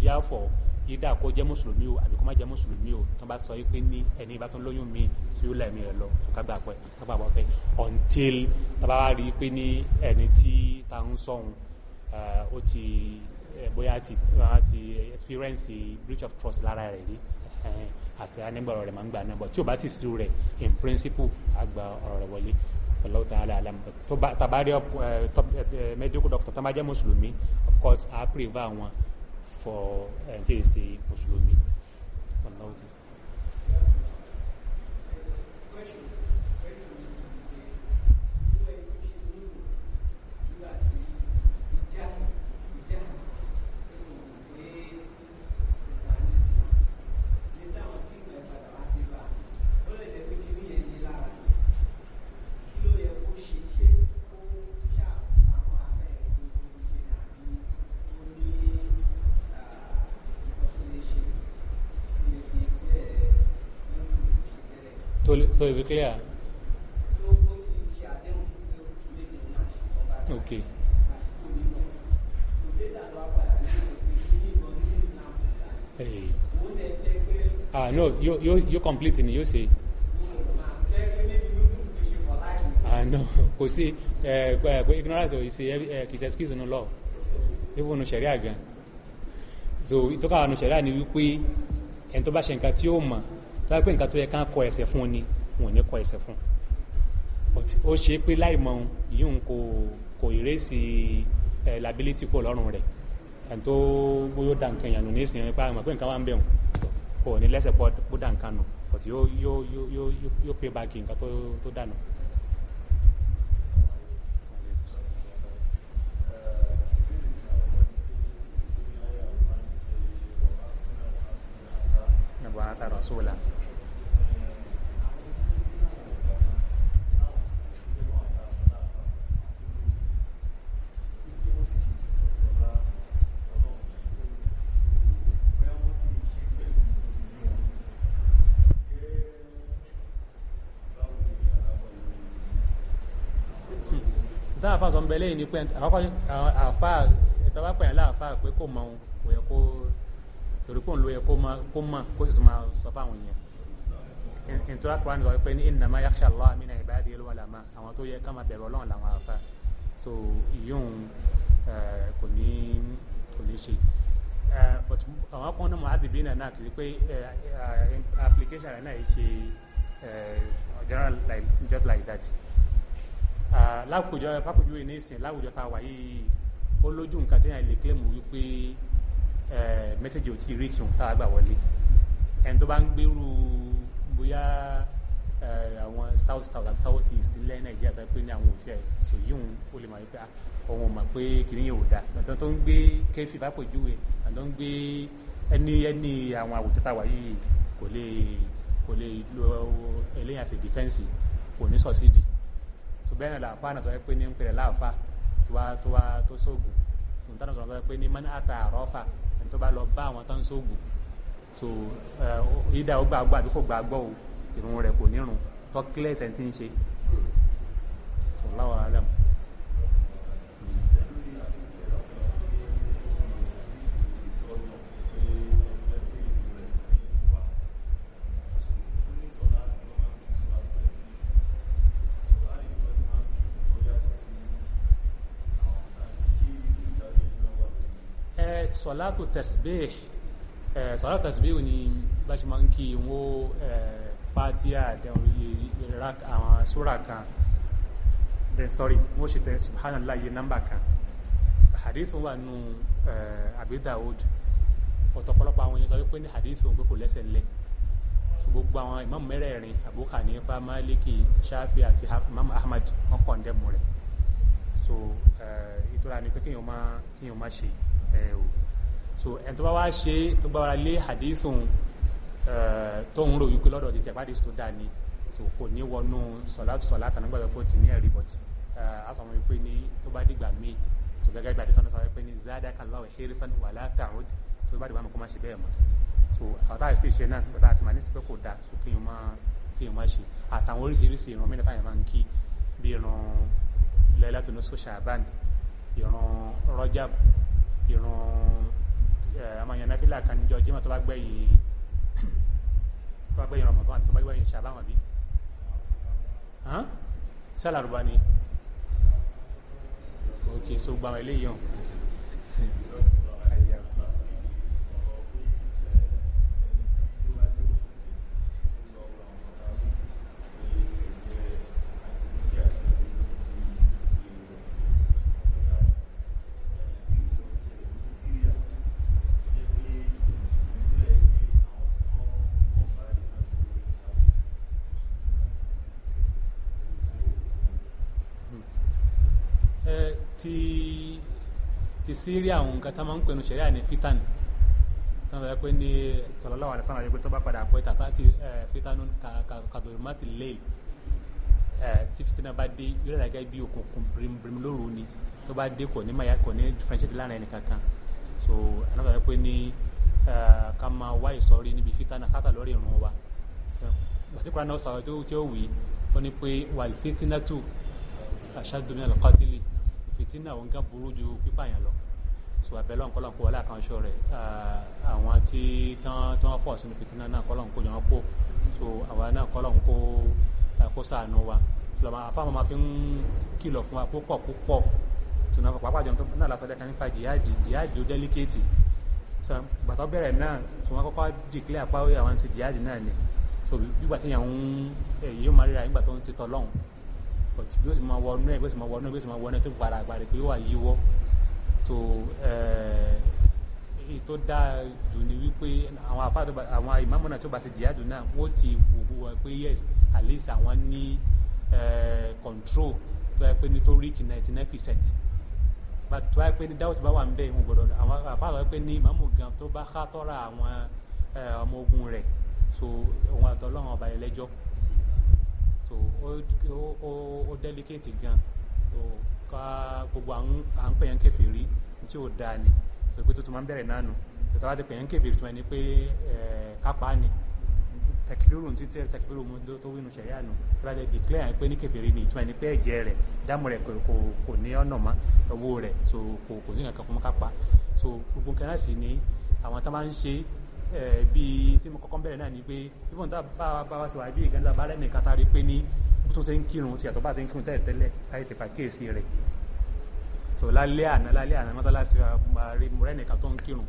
therefore yídà kó jẹ́ mùsùlùmí o àbí kó má jẹ́ mùsùlùmí o tó bá sọ yìí pé ní ẹni bá lóyún mi tí ó lẹ̀mí rẹ̀ lọ tó kágbà pẹ́ kágbà bọ́ fẹ́ until tá a bá wá rí i pé ní ẹni tí ta ń sọ̀hún ó ti bóyá ti ti experience breach of trust lára rẹ̀ rí àti anígbọ̀rọ̀ rẹ̀ máa ń gbà náà bọ̀ tí o bá ti sírú rẹ̀ in principle àgbà ọ̀rọ̀ rẹ̀ wọlé Allahu ta'ala alam tó bá tabari medical doctor tó bá jẹ́ mùsùlùmí of course àá pèrè wọn for ẹni tí ì mùsùlùmí. tó ìwé clear Okay. hey. ah no you you yóò complete ni yóò ṣe ah no kò sí ẹ eh, pé eh, ignorance ò ṣe ẹ kì í ṣe excuse nínú law no Sharia again. so ìtọ́ka àwọn ṣẹ̀ríà ni wípé ẹni tó bá ṣe tó yẹ pé nǹkan tó yẹ ká kọ ẹsẹ̀ fún ni wọn ò ní kọ ẹsẹ̀ fún ó ṣe é pé láì mọ yìí ń kò kò ìrèsì ẹ liability kò lọ́rùn rẹ̀ ẹni tó bóyá ó da nǹkan ìyànnù ní ìsìn ipa àmọ́ pé nǹkan wà ń bẹ̀ wọn kò ní lẹ́sẹ̀ pọ̀ ó da nǹkan nù but yóò yóò yóò yóò pay back nǹkan tó tó dànù. نبعث ń bẹ lẹ́yìn ní pé àkọ́kọ́ àfa ìtawá pẹ̀lú àfa pé kò mọ òun kò yẹ kó torí pé òun ló yẹ kó mọ kó sì tún máa sọ fáwọn èèyàn ìtura kura nìkan pé ní innama yakhsha Allah min ibadihil ulama àwọn tó yẹ ká máa bẹ̀rù ọlọ́run làwọn àfa so ìyóhun eh, kò ní kò ní ṣe eh, but àwọn kan náà mọ̀hábìbí eh, náà náà kìí pé application náà ṣe general like just like that láwùjọ fápòjú yìí nísìn láwùjọ tá a wà yìí ó lójú nǹkan téèyàn lè claim wípé mẹ́sẹ̀gì ò tí ì reach òun tá a gbà wọlé ẹni tó bá ń gbèrú bóyá àwọn south south àti south east ilẹ̀ nàìjíríà tó pé ní àwọn òṣìṣẹ́ sọ yìí òun ó lè máa wípé ah, òun ò mọ̀ pé kìnní yẹn ò dáa tọ́tọ́ tó ń gbé kẹfì fápòjú yìí àtọ́ ń gbé ẹni ẹni àwọn àwùjọ tá a wà yìí kò lè kò lè lo eléyàn àti dìfẹ́ǹsì kò ní sọ̀sídìí bẹ́ẹ̀ náà làáfà náà tó yẹ pé ní ń pèrè láàfà tó wá tó wá tó sóògùn sùn tánà sọ̀rọ̀ tó yẹ pé ní mọ́nà àtà àrọ́fà ẹni tó bá lọ bá àwọn tó ń sóògùn so ìdá ó gbàgbọ́ àbí kò gbàgbọ́ o ìrun rẹ̀ kò nírun tó kílẹ̀ ẹ̀sẹ̀ ti ń ṣe sọ̀rọ̀ alẹ́ mu. sọ̀látù tẹ̀síbẹ̀ ẹ̀ sọ̀látù tẹ̀síbẹ̀ ni bá ṣe máa ń kí ìwọ ẹ̀ fatia dẹ̀hùn iye àwọn sóra kan then sorry wọ́n ṣe tẹ̀ subhanallah iye nọ́mbà kan hadithun wà nù ẹ̀ Abi Daud ọ̀tọ̀pọ̀lọpọ̀ àwọn èèyàn sọ wípé ní hadithun pé kò lẹ́sẹ̀ ńlẹ̀ gbogbo àwọn imam mẹ́rẹ̀ẹ̀rin Abu Hanifa Maliki Shafi àti imam Ahmad wọn kọ̀ ń dẹ́mu rẹ̀ so ìtura ni pé kéèyàn má kéèyàn má ṣe ẹ̀ o so ẹni tó bá wá ṣe tó bá wá lé hadithun eh, tó ń ro wípé lọ́dọ̀ títí ẹ̀pàdé tó dáa ni so kò ní wọnú sọ̀látù sọ̀látù nígbàgbọ́ pé ó ti ní ẹ̀rí bọ̀t àsọ̀mọ́ eh, wípé ní tó bá dìgbà míì so gẹ́gẹ́ bí adéṣọ́nà sọ wípé ní zadaka Allahu hirisan wala ta'ud tó bá dìgbà mọ̀ kó má ṣe bẹ́ẹ̀ mọ́ so àwọn táyà sì ṣe náà bàtà àti màní sí pé kò dáa so kéèyàn má kéèyàn má ṣe àtàwọn oríṣiríṣi ìran mẹ́ta yẹn Eh, àmọ̀yàn náfìlà kan níjọ jímọ̀ tó bá gbẹ̀yìn tó bá gbẹ̀yìn Ramadan tó bá gbẹ̀yìn ṣàbáwọn bí sálàrúbá ni ok so gbàmọ̀ eléyìí hàn. àṣírí àwọn nǹkan tá máa ń pẹnu ṣẹ̀ríà ní fítàní tó ń sọ pé ní sallallahu alaihi wasallam pé tó bá padà pé tàtà ti fítàní kàdùrùmátì lẹ́yìn tí fìtínà bá dé yóò dàgẹ́ bí òkùnkùn bìrìmù lóru ni tó bá dé kò ní máa yá kò ní differentiate láàrin ẹnì kankan so anáfà yẹ pé ní ká máa wá ìsọrí níbi fìtínà káàtà lórí ìrun wa àti kúrò náà sọ̀rọ̀ tí ó wì í ó ní pé wal fitnatu ashaddu min al-qatl fìtínà òun kan burú ju pípààyàn lọ so abẹ́lẹ́ ọ̀nkọ́lọ̀ kó wọlé àkànṣe rẹ̀ àwọn tí tán fọ̀ sínú fìtínà náà kọ́lọ̀ kó yàn kó so àwa náà kọ́lọ̀ kó kó sàánú wa lọ́mọ afáwọn máa fi ń kìlọ̀ fún wa púpọ̀ púpọ̀ tùnà fún pàápàá jọ̀ǹtọ́ náà lásán lẹ́ka nípa jihadi jihadi ó dẹ́líkéètì gbàtọ́ bẹ̀rẹ̀ náà tí wọ́n kọ́kọ́ dìklẹ́ apá ó yà wọ́n ti jihadi náà ni so gbígbà tí yàn ń yóò máa ríra nígbà tó ń ṣe tọ́lọ́hún bí ó sì máa wọ inú ẹ̀ bí ó sì máa wọ inú ẹ̀ bí ó sì máa wọ inú ẹ̀ tó gbàrà gbàrà pé ó wà yíwọ́ tó eh, èyí tó dáa jù ní wípé àwọn àfáàtò àwọn ìmáàmù náà tó bá ṣe jihad náà wọ́n ti wò wọ́n pé yes at least àwọn ní eh, control tó yẹ pé nítorí kì ninety nine percent but tó yẹ pé ní doubt bá wà ń bẹ̀ ń gbọ́dọ̀ àwọn àfáàtò pé ní ìmáàmù gan tó bá ká tọ́ra àwọn eh, ọmọ ogun rẹ̀ so òun àtọ́lọ́run ọba ẹlẹ́jọ́ so ó ó ó delicate gan ká gbogbo à ń pè yẹn kèfèrí tí ò dáa ni tó pé tuntun máa ń bẹ̀rẹ̀ náà nù tó tàbá ti pè yẹn kèfèrí tuma eh, ni pé kápá ni tẹkifíru ti tẹ tẹkifíru mu tó wínú sẹ̀yà nù tó bá ti dìklẹ́ yẹn pé ní kèfèrí ni tuma ni pé ẹ̀jẹ̀ rẹ̀ dáàmú rẹ̀ kò ní ọ̀nà mọ́ owó rẹ̀ so kò kò sí nǹkan fún kápá so gbogbo kẹ́rẹ́ sì ni àwọn tá máa ń ṣe eh, bíi tí mo kọ́kọ́ bẹ̀rẹ̀ náà ni pé bí wọ́n tá bá wá sí wàá bí ìgbà ó tún ṣe ń kírun tí àtọ́ bá ṣe ń kírun tẹ́lẹ̀ tẹ́lẹ̀ láyé ti pàkíyèsí rẹ̀ so lálẹ́ àná lálẹ́ àná mọ́sálásí àrí mọ́rẹ́nìkan tó ń kírun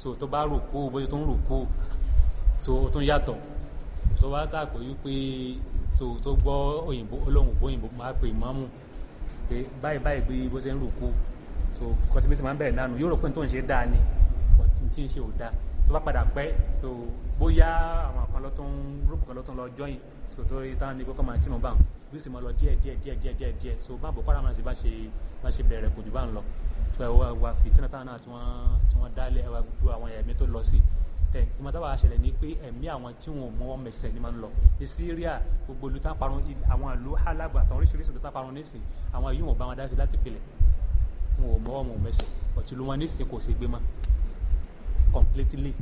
so tó bá rò kó bóyá tó ń rò kó so ó tún yàtọ̀ tó bá sàpò wípé so tó gbọ́ òyìnbó olóhùn òyìnbó máa pè mọ́mù pé báyìí báyìí bí bó ṣe ń rò kó so kọsibítì máa ń bẹ̀rẹ̀ nánu yóò rò pé tó ń ṣe dáa ni tí ń ṣe ò dáa tó bá padà pẹ́ so bóyá àwọn àkànlọ́tún rúbùkànlọ́tún lọ jọ́yìn so torí táwọn ní kọ́kọ́ máa kírun bá wọn bí ó sì máa lọ díẹ̀ díẹ̀ díẹ̀ díẹ̀ díẹ̀ díẹ̀ so báàbò kọ́ra máa sì bá ṣe bá ṣe bẹ̀rẹ̀ kò jù bá ń lọ so ẹ̀ wá fìtínà táwọn náà tí wọ́n tí wọ́n dálẹ̀ ẹ̀ wá gbogbo àwọn ẹ̀mí tó lọ sí tẹ ìmọ̀ tábà ṣẹlẹ̀ ní pé ẹ̀mí àwọn tí wọn ò mọ wọn mẹsẹ̀ ni máa ń lọ ní Syria gbogbo ìlú tá parun àwọn ìlú halabu àtàwọn oríṣiríṣi ìlú tá parun nísìn àwọn yìí wọn bá wọn dá sí láti pilẹ̀ wọn ò wọn mọ ọ̀tí ló wọn nísìn kò ṣe gbé mọ́ completely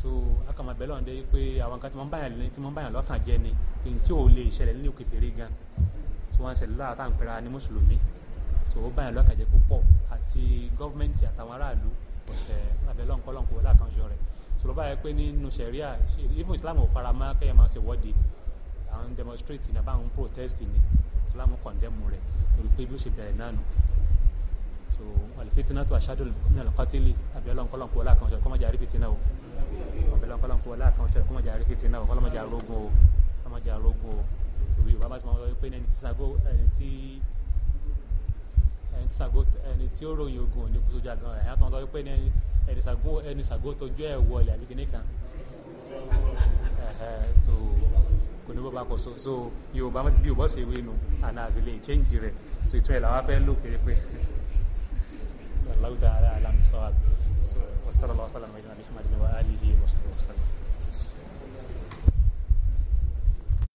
so akama bẹ́ẹ̀ lọ́nà dé pé àwọn nǹkan tí wọ́n ń báyàn lé tí wọ́n ń báyàn lọ́kàn jẹ́ ni kí n tí ò lè ṣẹlẹ̀ nínú kèfèrí gan so wọ́n ń ṣẹlẹ̀ lára tá à ń pera ní mùsùlùmí so ó báyàn lọ́kàn jẹ́ púpọ̀ àti gọ́fìmẹ̀ntì àtàwọn aráàlú ọ̀tẹ̀ eh, abẹ́ lọ́nkọ́ lọ́nkọ́ wọlé àkànṣe rẹ̀ so ló báyẹn pé nínú ṣẹ̀ríà even Islam ò fara mọ́ kẹ́yẹ̀ máa ṣe wọ́de àwọn demonstrate ní àbáwọn protest ní Islam condemn rẹ̀ torí pé bí ó ṣe bẹ̀rẹ̀ náà nù so wàlẹ̀ fitinatu aṣáájú nínú àlọ́kọ́tìlì abẹ́ lọ́nkọ́ lọ́nkọ́ wọlé àkànṣe kọ́mọ́jà rí fitinatu ọ̀bẹ̀lẹ̀ ọ̀pọ̀lọ̀ kó wọlé àkànṣe rẹ̀ kó mọ̀jà rí fìtì náà ọ̀pọ̀lọ̀ mọ̀jà rogun o ọmọjà rogun o torí yorùbá bá ti mọ̀ pé ẹni tí sago ẹni tí ẹni tí sago ẹni tí ó ròyìn ogun òní kú sójà gan ẹ̀yà tó mọ̀ pé ẹni sago ẹni sago tójú ẹ̀ wọlé àbí kìnnì kan so kò ní bó bá kọ so so yorùbá bí yorùbá ṣe wé nu àná àti lè change rẹ̀ so ìtún ẹ̀ làwọn fẹ́ lò pérépéré. الله تعالى أعلم بالصواب وصلى الله وسلم محمد وآله وصحبه وسلم